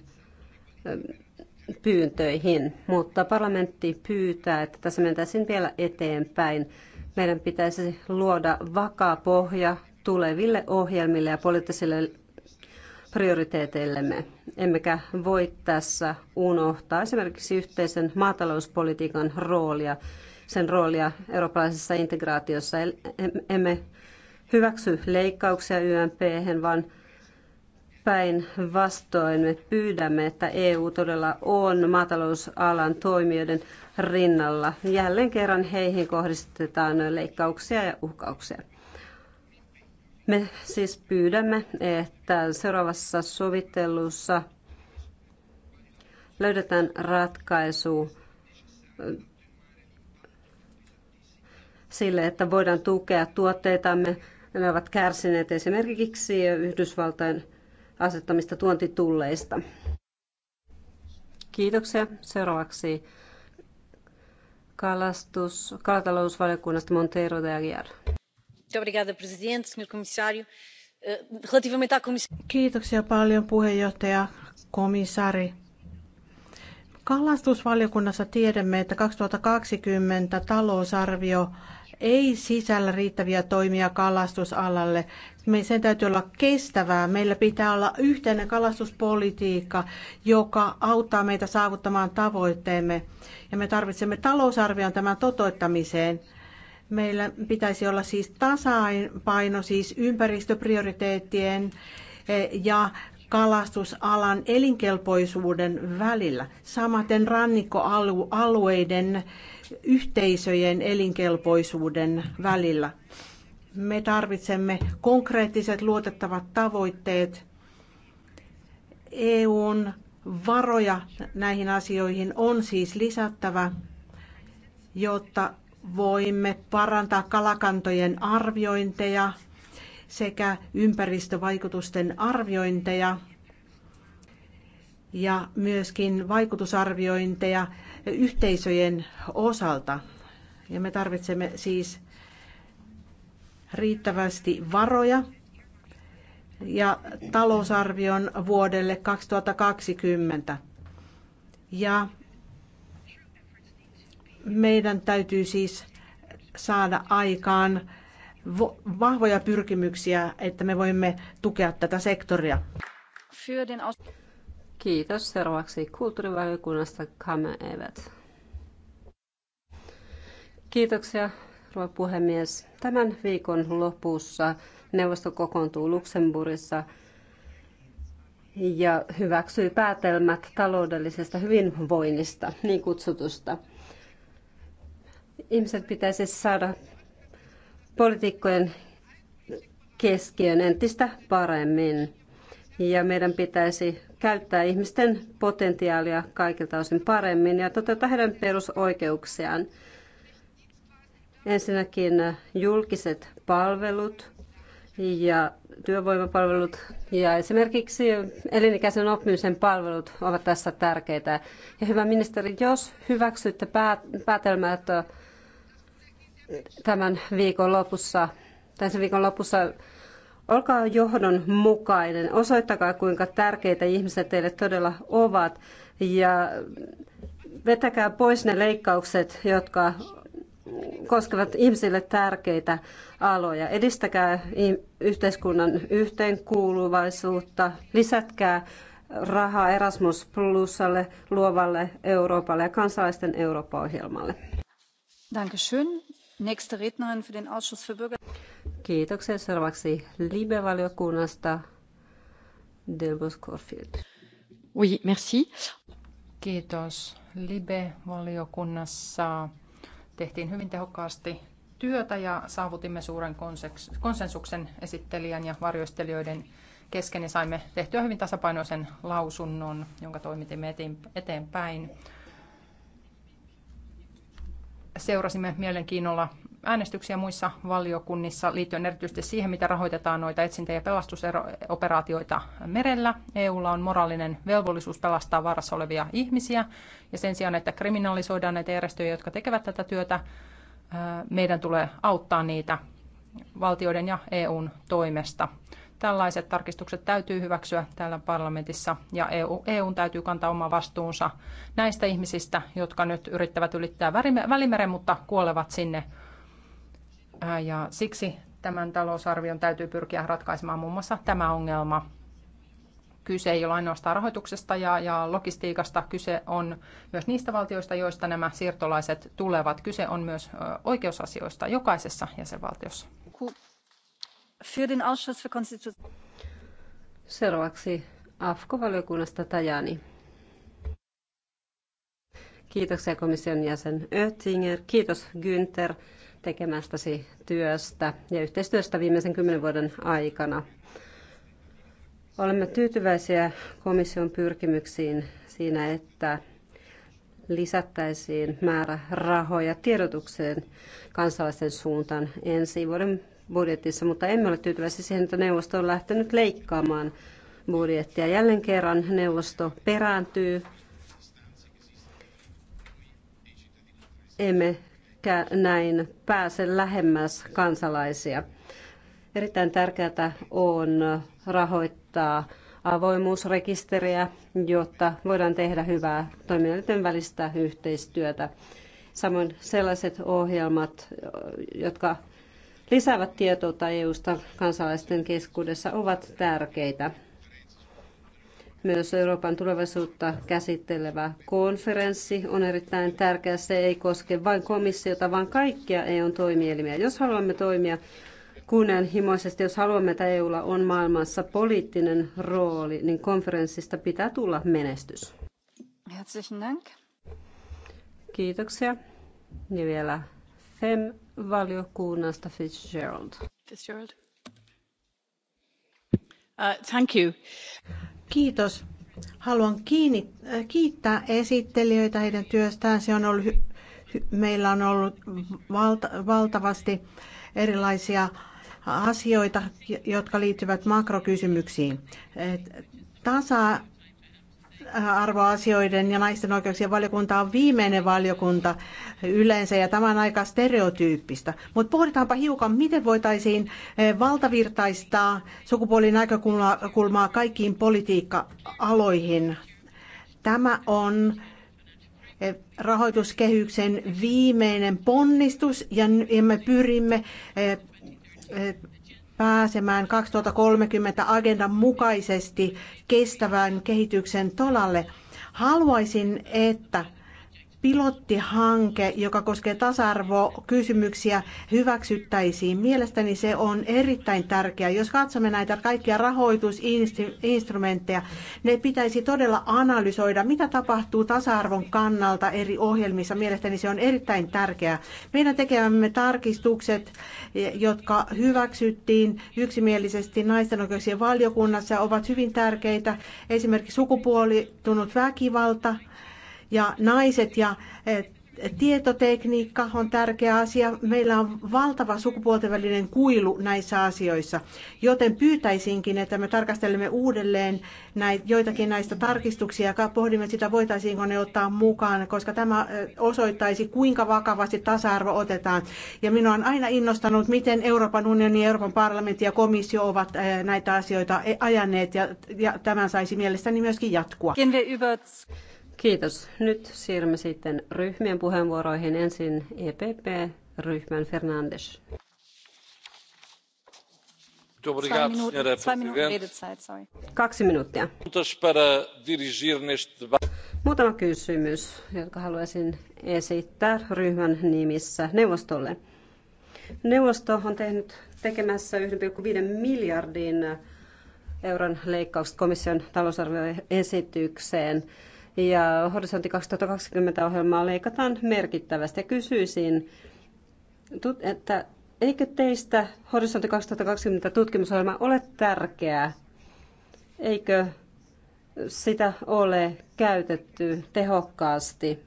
pyyntöihin. Mutta parlamentti pyytää, että tässä mentäisiin vielä eteenpäin. Meidän pitäisi luoda vakaa pohja tuleville ohjelmille ja poliittisille prioriteeteillemme. Emmekä voi tässä unohtaa esimerkiksi yhteisen maatalouspolitiikan roolia, sen roolia eurooppalaisessa integraatiossa. Emme hyväksy leikkauksia YMP, vaan päinvastoin me pyydämme, että EU todella on maatalousalan toimijoiden rinnalla. Jälleen kerran heihin kohdistetaan leikkauksia ja uhkauksia. Me siis pyydämme, että seuraavassa sovittelussa löydetään ratkaisu sille, että voidaan tukea tuotteitamme. Ne ovat kärsineet esimerkiksi Yhdysvaltain asettamista tuontitulleista. Kiitoksia. Seuraavaksi kalastus, kalatalousvaliokunnasta Montero de Aguiar. Obrigada, presidente, senhor comissário. Eh, paljon puheenjohtaja komissaari. Kalastusvaliokunnassa tiedämme, että 2020 talousarvio ei sisällä riittäviä toimia kalastusalalle. Me sen täytyy olla kestävää. Meillä pitää olla yhteinen kalastuspolitiikka, joka auttaa meitä saavuttamaan tavoitteemme. Ja me tarvitsemme talousarvion tämän toteuttamiseen. Meillä pitäisi olla siis tasapaino siis ympäristöprioriteettien eh, ja kalastusalan elinkelpoisuuden välillä, samaten rannikkoalueiden yhteisöjen elinkelpoisuuden välillä. Me tarvitsemme konkreettiset luotettavat tavoitteet. EUn varoja näihin asioihin on siis lisättävä, jotta voimme parantaa kalakantojen arviointeja sekä ympäristövaikutusten arviointeja ja myöskin vaikutusarviointeja yhteisöjen osalta. Ja me tarvitsemme siis riittävästi varoja ja talousarvion vuodelle 2020. Ja meidän täytyy siis saada aikaan vahvoja pyrkimyksiä, että me voimme tukea tätä sektoria. Kiitos. Seuraavaksi kulttuurivaliokunnasta Kame Evet. Kiitoksia, rouva puhemies. Tämän viikon lopussa neuvosto kokoontuu Luxemburgissa ja hyväksyy päätelmät taloudellisesta hyvinvoinnista, niin kutsutusta ihmiset pitäisi saada poliitikkojen keskiön entistä paremmin. Ja meidän pitäisi käyttää ihmisten potentiaalia kaikilta osin paremmin ja toteuttaa heidän perusoikeuksiaan. Ensinnäkin julkiset palvelut ja työvoimapalvelut ja esimerkiksi elinikäisen oppimisen palvelut ovat tässä tärkeitä. Ja hyvä ministeri, jos hyväksytte päätelmät tämän viikon lopussa, tämän viikon lopussa Olkaa johdonmukainen, osoittakaa kuinka tärkeitä ihmiset teille todella ovat ja vetäkää pois ne leikkaukset, jotka koskevat ihmisille tärkeitä aloja. Edistäkää yhteiskunnan yhteenkuuluvaisuutta, lisätkää rahaa Erasmus Plusalle, luovalle Euroopalle ja kansalaisten Eurooppa-ohjelmalle. Dankeschön. Kiitoksia. Seuraavaksi Libe-valiokunnasta Delbos Corfield. Oui, merci. Kiitos. Libe-valiokunnassa tehtiin hyvin tehokkaasti työtä ja saavutimme suuren konsensuksen esittelijän ja varjoistelijoiden kesken ja saimme tehtyä hyvin tasapainoisen lausunnon, jonka toimitimme eteenpäin seurasimme mielenkiinnolla äänestyksiä muissa valiokunnissa liittyen erityisesti siihen, mitä rahoitetaan noita etsintä- ja pelastusoperaatioita merellä. EUlla on moraalinen velvollisuus pelastaa vaarassa olevia ihmisiä ja sen sijaan, että kriminalisoidaan näitä järjestöjä, jotka tekevät tätä työtä, meidän tulee auttaa niitä valtioiden ja EUn toimesta. Tällaiset tarkistukset täytyy hyväksyä täällä parlamentissa ja EU, EUn täytyy kantaa oma vastuunsa näistä ihmisistä, jotka nyt yrittävät ylittää välimeren, mutta kuolevat sinne. Ja siksi tämän talousarvion täytyy pyrkiä ratkaisemaan muun muassa tämä ongelma. Kyse ei ole ainoastaan rahoituksesta ja, ja logistiikasta, kyse on myös niistä valtioista, joista nämä siirtolaiset tulevat. Kyse on myös oikeusasioista jokaisessa jäsenvaltiossa. Seuraavaksi valiokunnasta Tajani. Kiitoksia komission jäsen Oettinger. Kiitos Günther tekemästäsi työstä ja yhteistyöstä viimeisen kymmenen vuoden aikana. Olemme tyytyväisiä komission pyrkimyksiin siinä, että lisättäisiin määrä rahoja tiedotukseen kansalaisten suuntaan ensi vuoden budjetissa, mutta emme ole tyytyväisiä siihen, että neuvosto on lähtenyt leikkaamaan budjettia. Jälleen kerran neuvosto perääntyy. Emme näin pääse lähemmäs kansalaisia. Erittäin tärkeää on rahoittaa avoimuusrekisteriä, jotta voidaan tehdä hyvää toimijoiden välistä yhteistyötä. Samoin sellaiset ohjelmat, jotka lisäävät tietoutta EUsta kansalaisten keskuudessa ovat tärkeitä. Myös Euroopan tulevaisuutta käsittelevä konferenssi on erittäin tärkeä. Se ei koske vain komissiota, vaan kaikkia EUn toimielimiä. Jos haluamme toimia kunnianhimoisesti, jos haluamme, että EUlla on maailmassa poliittinen rooli, niin konferenssista pitää tulla menestys. Herzlichen Dank. Kiitoksia. Ja vielä FEM-valiokunnasta Fitzgerald. Fitzgerald. Uh, thank you. Kiitos. Haluan kiinni, äh, kiittää esittelijöitä heidän työstään. Se on ollut, meillä on ollut valta, valtavasti erilaisia asioita, jotka liittyvät makrokysymyksiin. Tasa ihmisarvoasioiden arvoasioiden ja naisten oikeuksien valiokunta on viimeinen valiokunta yleensä ja tämä on aika stereotyyppistä. Mutta pohditaanpa hiukan, miten voitaisiin eh, valtavirtaistaa sukupuolin näkökulmaa kaikkiin politiikka-aloihin. Tämä on eh, rahoituskehyksen viimeinen ponnistus ja me pyrimme eh, pääsemään 2030 agendan mukaisesti kestävän kehityksen tolalle. Haluaisin, että pilottihanke, joka koskee tasa-arvokysymyksiä, hyväksyttäisiin. Mielestäni se on erittäin tärkeää. Jos katsomme näitä kaikkia rahoitusinstrumentteja, ne pitäisi todella analysoida, mitä tapahtuu tasa-arvon kannalta eri ohjelmissa. Mielestäni se on erittäin tärkeää. Meidän tekemämme tarkistukset, jotka hyväksyttiin yksimielisesti naisten oikeuksien valiokunnassa, ovat hyvin tärkeitä. Esimerkiksi sukupuolittunut väkivalta, ja naiset ja e, tietotekniikka on tärkeä asia. Meillä on valtava sukupuolten välinen kuilu näissä asioissa, joten pyytäisinkin, että me tarkastelemme uudelleen näitä, joitakin näistä tarkistuksia ja pohdimme sitä, voitaisiinko ne ottaa mukaan, koska tämä e, osoittaisi, kuinka vakavasti tasa-arvo otetaan. Ja minua on aina innostanut, miten Euroopan unioni, Euroopan parlamentti ja komissio ovat e, näitä asioita ajaneet ja, ja tämän saisi mielestäni myöskin jatkua. Kiitos. Nyt siirrymme sitten ryhmien puheenvuoroihin. Ensin EPP-ryhmän Fernandes. Kaksi minuuttia. Muutama kysymys, jonka haluaisin esittää ryhmän nimissä neuvostolle. Neuvosto on tehnyt tekemässä 1,5 miljardin euron leikkaukset komission talousarvioesitykseen. esitykseen ja Horisontti 2020-ohjelmaa leikataan merkittävästi. Ja kysyisin, että eikö teistä Horisontti 2020 tutkimusohjelma ole tärkeää? Eikö sitä ole käytetty tehokkaasti?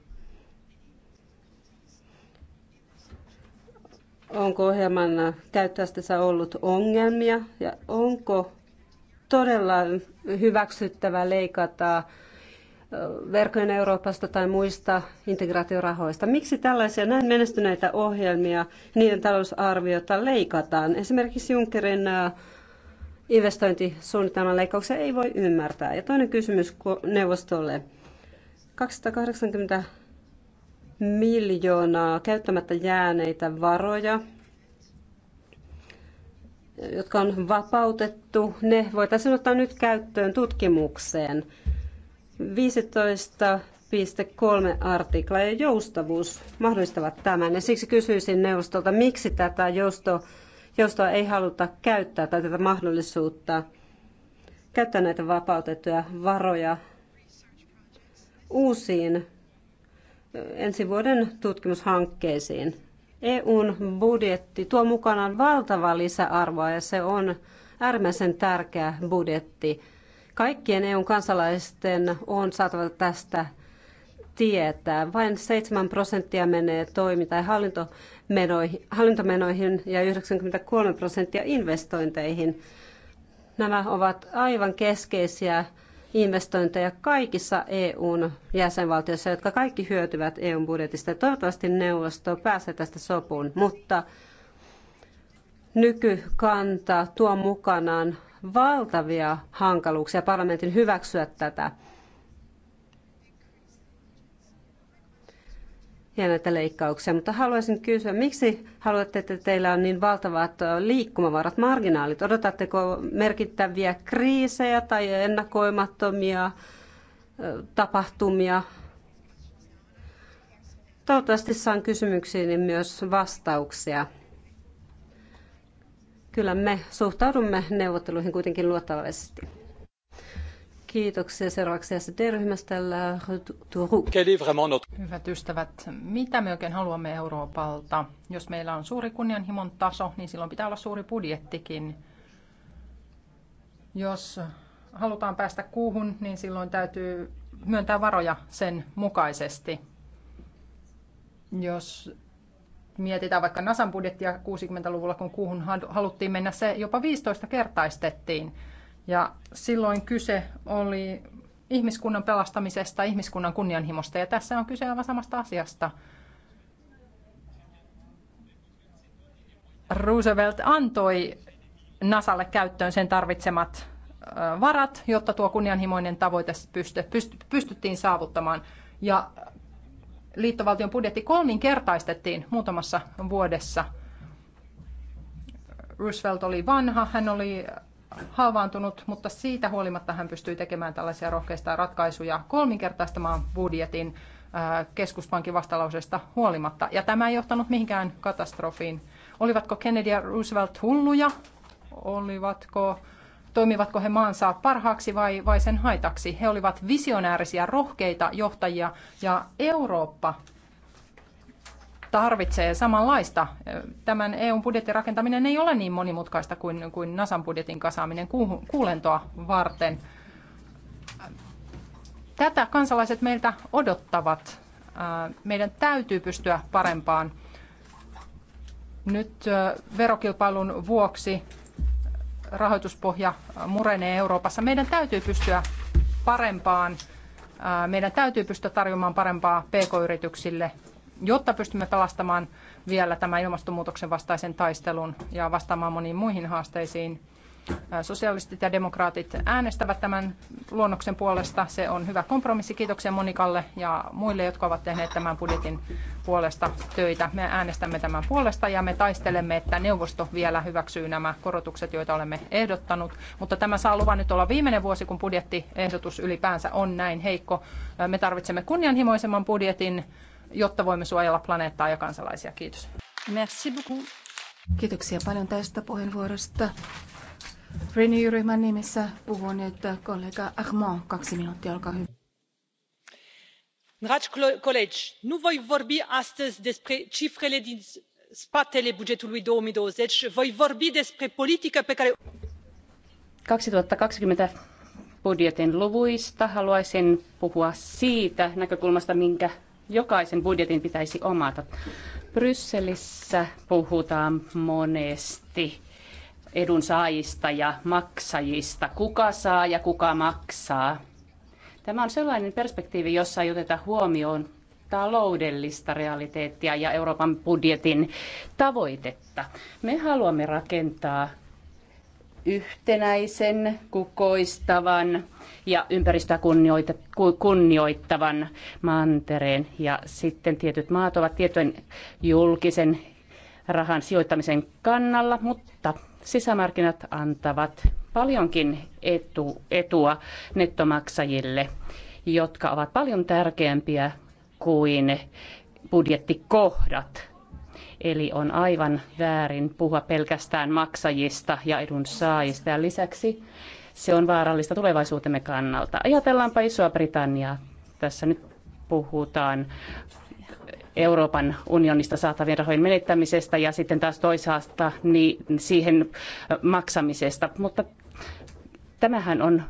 Onko ohjelman käyttöastessa ollut ongelmia ja onko todella hyväksyttävä leikata verkkojen Euroopasta tai muista integraatiorahoista. Miksi tällaisia näin menestyneitä ohjelmia, niiden talousarviota leikataan? Esimerkiksi Junckerin investointisuunnitelman leikkauksia ei voi ymmärtää. Ja toinen kysymys neuvostolle. 280 miljoonaa käyttämättä jääneitä varoja, jotka on vapautettu, ne voitaisiin ottaa nyt käyttöön tutkimukseen. 15.3 artikla ja joustavuus mahdollistavat tämän. Ja siksi kysyisin neuvostolta, miksi tätä jousto, joustoa ei haluta käyttää tai tätä mahdollisuutta käyttää näitä vapautettuja varoja uusiin eh, ensi vuoden tutkimushankkeisiin. EUn budjetti tuo mukanaan valtavaa lisäarvoa ja se on äärimmäisen tärkeä budjetti Kaikkien EUn kansalaisten on saatava tästä tietää. Vain 7 prosenttia menee toimi- tai hallintomenoihin, hallintomenoihin ja 93 prosenttia investointeihin. Nämä ovat aivan keskeisiä investointeja kaikissa EUn jäsenvaltioissa, jotka kaikki hyötyvät EUn budjetista. Toivottavasti neuvosto pääsee tästä sopuun, mutta nykykanta tuo mukanaan valtavia hankaluuksia parlamentin hyväksyä tätä. ja näitä leikkauksia, mutta haluaisin kysyä, miksi haluatte, että teillä on niin valtavat liikkumavarat, marginaalit? Odotatteko merkittäviä kriisejä tai ennakoimattomia tapahtumia? Toivottavasti saan kysymyksiin myös vastauksia. Kyllä me suhtaudumme neuvotteluihin kuitenkin luottavaisesti. Kiitoksia seuraavaksi SD-ryhmästä Hyvät ystävät, mitä me oikein haluamme Euroopalta? Jos meillä on suuri kunnianhimon taso, niin silloin pitää olla suuri budjettikin. Jos halutaan päästä kuuhun, niin silloin täytyy myöntää varoja sen mukaisesti. Jos mietitään vaikka NASAn budjettia 60-luvulla, kun kuuhun haluttiin mennä, se jopa 15 kertaistettiin. Ja silloin kyse oli ihmiskunnan pelastamisesta, ihmiskunnan kunnianhimosta, ja tässä on kyse aivan samasta asiasta. Roosevelt antoi NASAlle käyttöön sen tarvitsemat varat, jotta tuo kunnianhimoinen tavoite pystyttiin saavuttamaan. Ja liittovaltion budjetti kolminkertaistettiin muutamassa vuodessa. Roosevelt oli vanha, hän oli haavaantunut, mutta siitä huolimatta hän pystyi tekemään tällaisia rohkeista ratkaisuja kolminkertaistamaan budjetin äh, keskuspankin vastalauseesta huolimatta. Ja tämä ei johtanut mihinkään katastrofiin. Olivatko Kennedy ja Roosevelt hulluja? Olivatko Toimivatko he maansa parhaaksi vai, vai sen haitaksi? He olivat visionäärisiä, rohkeita johtajia ja Eurooppa tarvitsee samanlaista. Tämän EUn budjetin rakentaminen ei ole niin monimutkaista kuin, kuin NASAn budjetin kasaaminen kuulentoa varten. Tätä kansalaiset meiltä odottavat. Meidän täytyy pystyä parempaan. Nyt verokilpailun vuoksi rahoituspohja murenee Euroopassa. Meidän täytyy pystyä parempaan, meidän täytyy pystyä tarjoamaan parempaa pk-yrityksille, jotta pystymme pelastamaan vielä tämän ilmastonmuutoksen vastaisen taistelun ja vastaamaan moniin muihin haasteisiin sosialistit ja demokraatit äänestävät tämän luonnoksen puolesta. Se on hyvä kompromissi. Kiitoksia Monikalle ja muille, jotka ovat tehneet tämän budjetin puolesta töitä. Me äänestämme tämän puolesta ja me taistelemme, että neuvosto vielä hyväksyy nämä korotukset, joita olemme ehdottanut. Mutta tämä saa luvan nyt olla viimeinen vuosi, kun budjettiehdotus ylipäänsä on näin heikko. Me tarvitsemme kunnianhimoisemman budjetin, jotta voimme suojella planeettaa ja kansalaisia. Kiitos. Merci beaucoup. Kiitoksia paljon tästä puheenvuorosta. Renew-ryhmän nimissä puhuu nyt kollega Armand. Kaksi minuuttia, olkaa hyvä. Dragi colegi, nu voi vorbi astăzi despre cifrele din spatele bugetului 2020. Voi vorbi despre politică pe care... 2020 budjetin luvuista haluaisin puhua siitä näkökulmasta, minkä jokaisen budjetin pitäisi omata. Brysselissä puhutaan monesti edunsaajista ja maksajista. Kuka saa ja kuka maksaa? Tämä on sellainen perspektiivi, jossa ei oteta huomioon taloudellista realiteettia ja Euroopan budjetin tavoitetta. Me haluamme rakentaa yhtenäisen, kukoistavan ja ympäristöä kunnioittavan mantereen. Ja sitten tietyt maat ovat tietyn julkisen rahan sijoittamisen kannalla, mutta Sisämarkkinat antavat paljonkin etu, etua nettomaksajille, jotka ovat paljon tärkeämpiä kuin budjettikohdat. Eli on aivan väärin puhua pelkästään maksajista ja edunsaajista. Ja lisäksi se on vaarallista tulevaisuutemme kannalta. Ajatellaanpa Isoa Britanniaa. Tässä nyt puhutaan Euroopan unionista saatavien rahojen menettämisestä ja sitten taas toisaalta niin siihen maksamisesta. Mutta tämähän on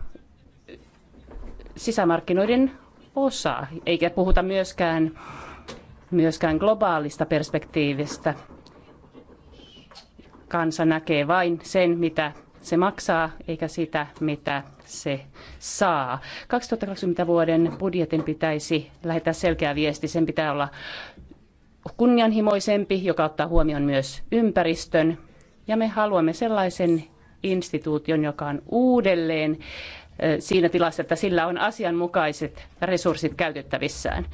sisämarkkinoiden osa, eikä puhuta myöskään, myöskään globaalista perspektiivistä. Kansa näkee vain sen, mitä se maksaa, eikä sitä, mitä se saa. 2020 vuoden budjetin pitäisi lähettää selkeä viesti, sen pitää olla kunnianhimoisempi, joka ottaa huomioon myös ympäristön. Ja me haluamme sellaisen instituution, joka on uudelleen siinä tilassa, että sillä on asianmukaiset resurssit käytettävissään.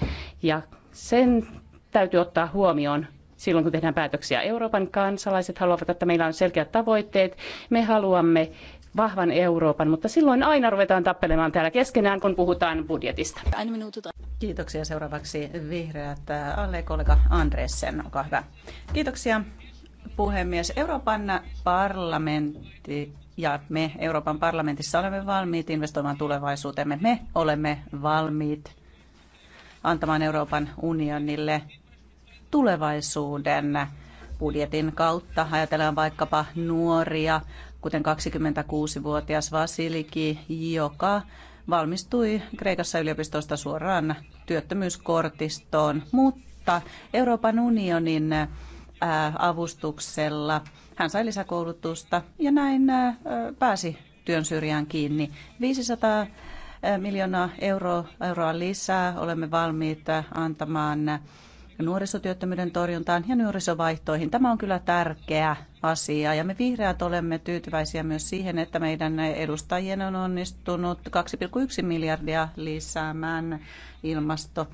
Ja sen täytyy ottaa huomioon silloin, kun tehdään päätöksiä. Euroopan kansalaiset haluavat, että meillä on selkeät tavoitteet. Me haluamme vahvan Euroopan, mutta silloin aina ruvetaan tappelemaan täällä keskenään, kun puhutaan budjetista. Kiitoksia seuraavaksi vihreät äh, alle kollega Andreessen, olkaa hyvä. Kiitoksia puhemies. Euroopan parlamentti ja me Euroopan parlamentissa olemme valmiit investoimaan tulevaisuuteemme. Me olemme valmiit antamaan Euroopan unionille tulevaisuuden budjetin kautta. Ajatellaan vaikkapa nuoria kuten 26-vuotias Vasiliki, joka valmistui Kreikassa yliopistosta suoraan työttömyyskortistoon, mutta Euroopan unionin äh, avustuksella hän sai lisäkoulutusta ja näin äh, pääsi työn syrjään kiinni. 500 äh, miljoonaa euroa, euroa lisää olemme valmiita antamaan nuorisotyöttömyyden torjuntaan ja nuorisovaihtoihin. Tämä on kyllä tärkeä asia ja me vihreät olemme tyytyväisiä myös siihen, että meidän edustajien on onnistunut 2,1 miljardia lisäämään ilmasto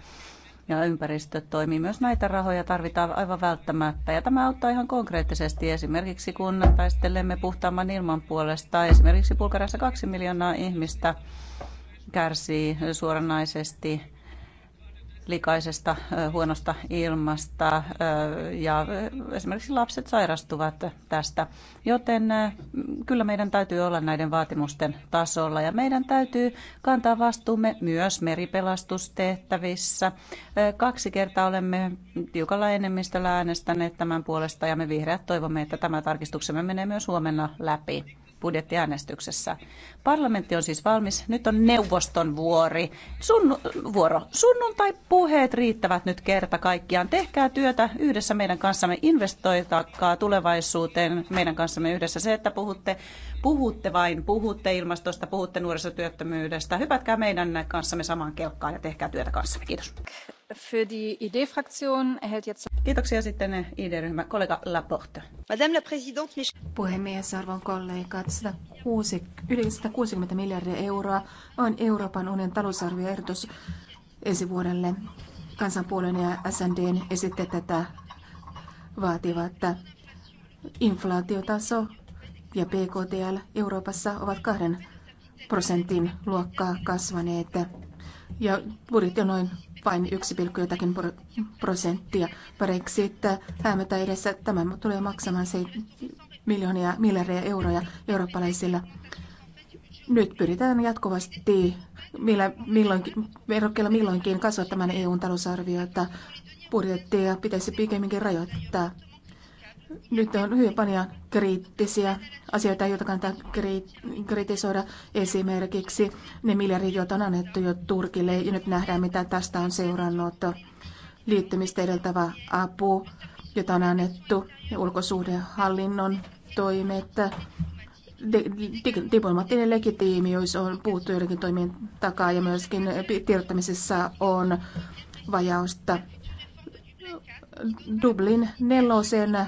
ja ympäristötoimi. Myös näitä rahoja tarvitaan aivan välttämättä. Ja tämä auttaa ihan konkreettisesti esimerkiksi kun taistelemme puhtaamman ilman puolesta. Esimerkiksi Bulgariassa kaksi miljoonaa ihmistä kärsii suoranaisesti likaisesta huonosta ilmasta ja esimerkiksi lapset sairastuvat tästä. Joten kyllä meidän täytyy olla näiden vaatimusten tasolla ja meidän täytyy kantaa vastuumme myös meripelastustehtävissä. Kaksi kertaa olemme tiukalla enemmistöllä äänestäneet tämän puolesta ja me vihreät toivomme, että tämä tarkistuksemme menee myös huomenna läpi budjettiäänestyksessä. Parlamentti on siis valmis. Nyt on neuvoston vuori. Sun, vuoro. Sunnuntai Puheet riittävät nyt kerta kaikkiaan. Tehkää työtä yhdessä meidän kanssamme, investoitakaa tulevaisuuteen meidän kanssamme yhdessä. Se, että puhutte, puhutte vain, puhutte ilmastosta, puhutte nuorisotyöttömyydestä. Hypätkää meidän kanssamme samaan kelkkaan ja tehkää työtä kanssamme. Kiitos. Für die ID-Fraktion erhält jetzt... Kiitoksia sitten ID-ryhmä. Kollega Laporte. Madame la Présidente, Puhemies, arvon kollegat, 160, yli 160 miljardia euroa on Euroopan unionin talousarvioehdotus ensi vuodelle. Kansanpuolen ja SND esitte tätä vaativat, että inflaatiotaso ja PKTL Euroopassa ovat kahden prosentin luokkaa kasvaneet ja budjetti on noin vain yksi pilkku jotakin prosenttia. että häämötä edessä. Tämä tulee maksamaan se miljoonia, miljardeja euroja eurooppalaisilla. Nyt pyritään jatkuvasti millä milloinkin, verrokkeella milloinkin tämän EUn talousarviota. Budjettia pitäisi pikemminkin rajoittaa. Nyt on hyvin paljon kriittisiä asioita, joita kannattaa kritisoida. Esimerkiksi ne miljardit, joita on annettu jo Turkille, ja nyt nähdään, mitä tästä on seurannut. Liittymistä edeltävä apu, jota on annettu, ja ulkosuhdehallinnon toimet, diplomaattinen legitiimiys on puuttu joidenkin toimien takaa ja myöskin tiedottamisessa on vajausta. Dublin nelosen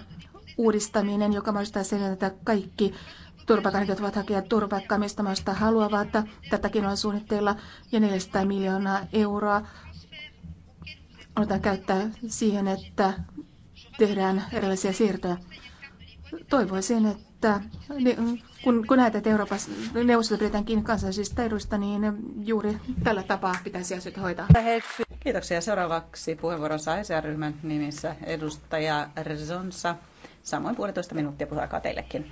uudistaminen, joka mahdollistaa sen, että kaikki turvapaikanhakijat voivat hakea turvapaikkaa mistä maasta haluavat. Tätäkin on suunnitteilla ja 400 miljoonaa euroa otetaan käyttää siihen, että tehdään erilaisia siirtoja. Toivoisin, että että kun, kun näitä, että Euroopassa neuvostossa pidetään kiinni kansallisista eduista, niin juuri tällä tapaa pitäisi asioita hoitaa. Kiitoksia. Seuraavaksi puheenvuoron saa ESR-ryhmän nimissä edustaja Rezonsa. Samoin puolitoista minuuttia puheaikaa teillekin.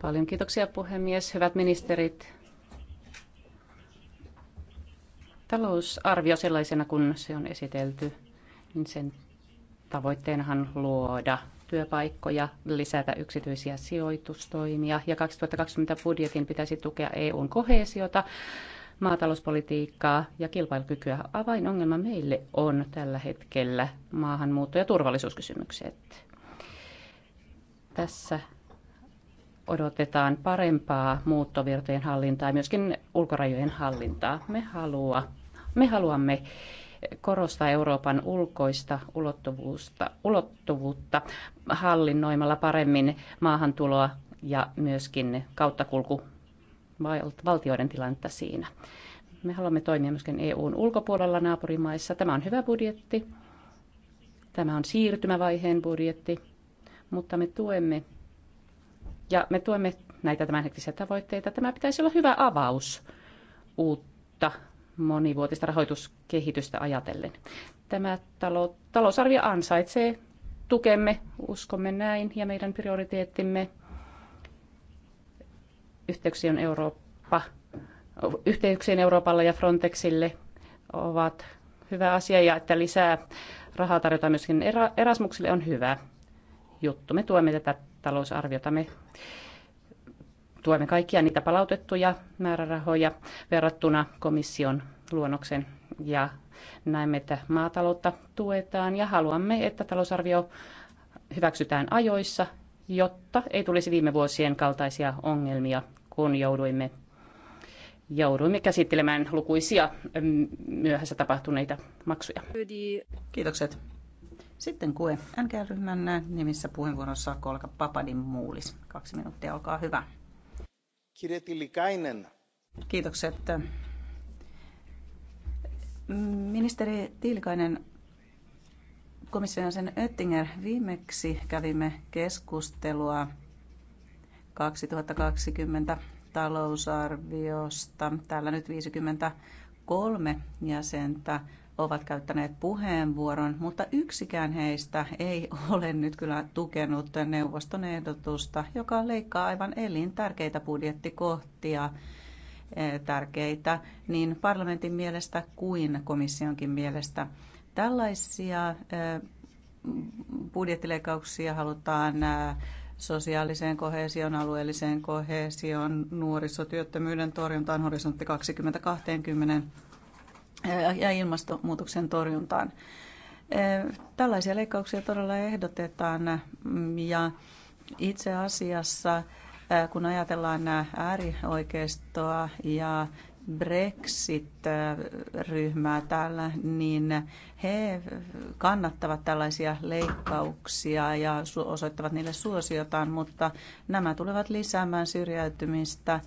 Paljon kiitoksia puhemies. Hyvät ministerit. Talousarvio sellaisena kuin se on esitelty, niin sen tavoitteenahan luoda työpaikkoja, lisätä yksityisiä sijoitustoimia ja 2020 budjetin pitäisi tukea EUn kohesiota, maatalouspolitiikkaa ja kilpailukykyä. Avainongelma meille on tällä hetkellä maahanmuutto- ja turvallisuuskysymykset. Tässä odotetaan parempaa muuttovirtojen hallintaa ja myöskin ulkorajojen hallintaa. Me, halua, me haluamme korostaa Euroopan ulkoista ulottuvuutta, ulottuvuutta hallinnoimalla paremmin maahantuloa ja myöskin kauttakulku valtioiden tilannetta siinä. Me haluamme toimia myöskin EUn ulkopuolella naapurimaissa. Tämä on hyvä budjetti. Tämä on siirtymävaiheen budjetti, mutta me tuemme ja me tuemme näitä tämänhetkisiä tavoitteita. Tämä pitäisi olla hyvä avaus uutta monivuotista rahoituskehitystä ajatellen. Tämä talo, talousarvio ansaitsee tukemme, uskomme näin, ja meidän prioriteettimme yhteyksien, Eurooppa, yhteyksien Euroopalle ja Frontexille ovat hyvä asia, ja että lisää rahaa tarjotaan myöskin erasmuksille on hyvä juttu. Me tuemme tätä talousarviota. Me tuemme kaikkia niitä palautettuja määrärahoja verrattuna komission luonnoksen ja näemme, että maataloutta tuetaan ja haluamme, että talousarvio hyväksytään ajoissa, jotta ei tulisi viime vuosien kaltaisia ongelmia, kun jouduimme, jouduimme käsittelemään lukuisia myöhässä tapahtuneita maksuja. Kiitokset. Sitten kue NK-ryhmän nimissä puheenvuorossa Kolka Papadin muulis. Kaksi minuuttia, olkaa hyvä. Kiitokset. Ministeri Tiilikainen, komission sen Öttinger viimeksi kävimme keskustelua 2020 talousarviosta. Täällä nyt 53 jäsentä ovat käyttäneet puheenvuoron, mutta yksikään heistä ei ole nyt kyllä tukenut neuvoston ehdotusta, joka leikkaa aivan elintärkeitä budjettikohtia eh, tärkeitä niin parlamentin mielestä kuin komissionkin mielestä. Tällaisia eh, budjettileikkauksia halutaan eh, sosiaaliseen kohesioon, alueelliseen kohesioon, nuorisotyöttömyyden torjuntaan, horisontti 2020 ja ilmastonmuutoksen torjuntaan. Tällaisia leikkauksia todella ehdotetaan mm, ja itse asiassa kun ajatellaan nämä äärioikeistoa ja Brexit-ryhmää täällä, niin he kannattavat tällaisia leikkauksia ja osoittavat niille suosiotaan, mutta nämä tulevat lisäämään syrjäytymistä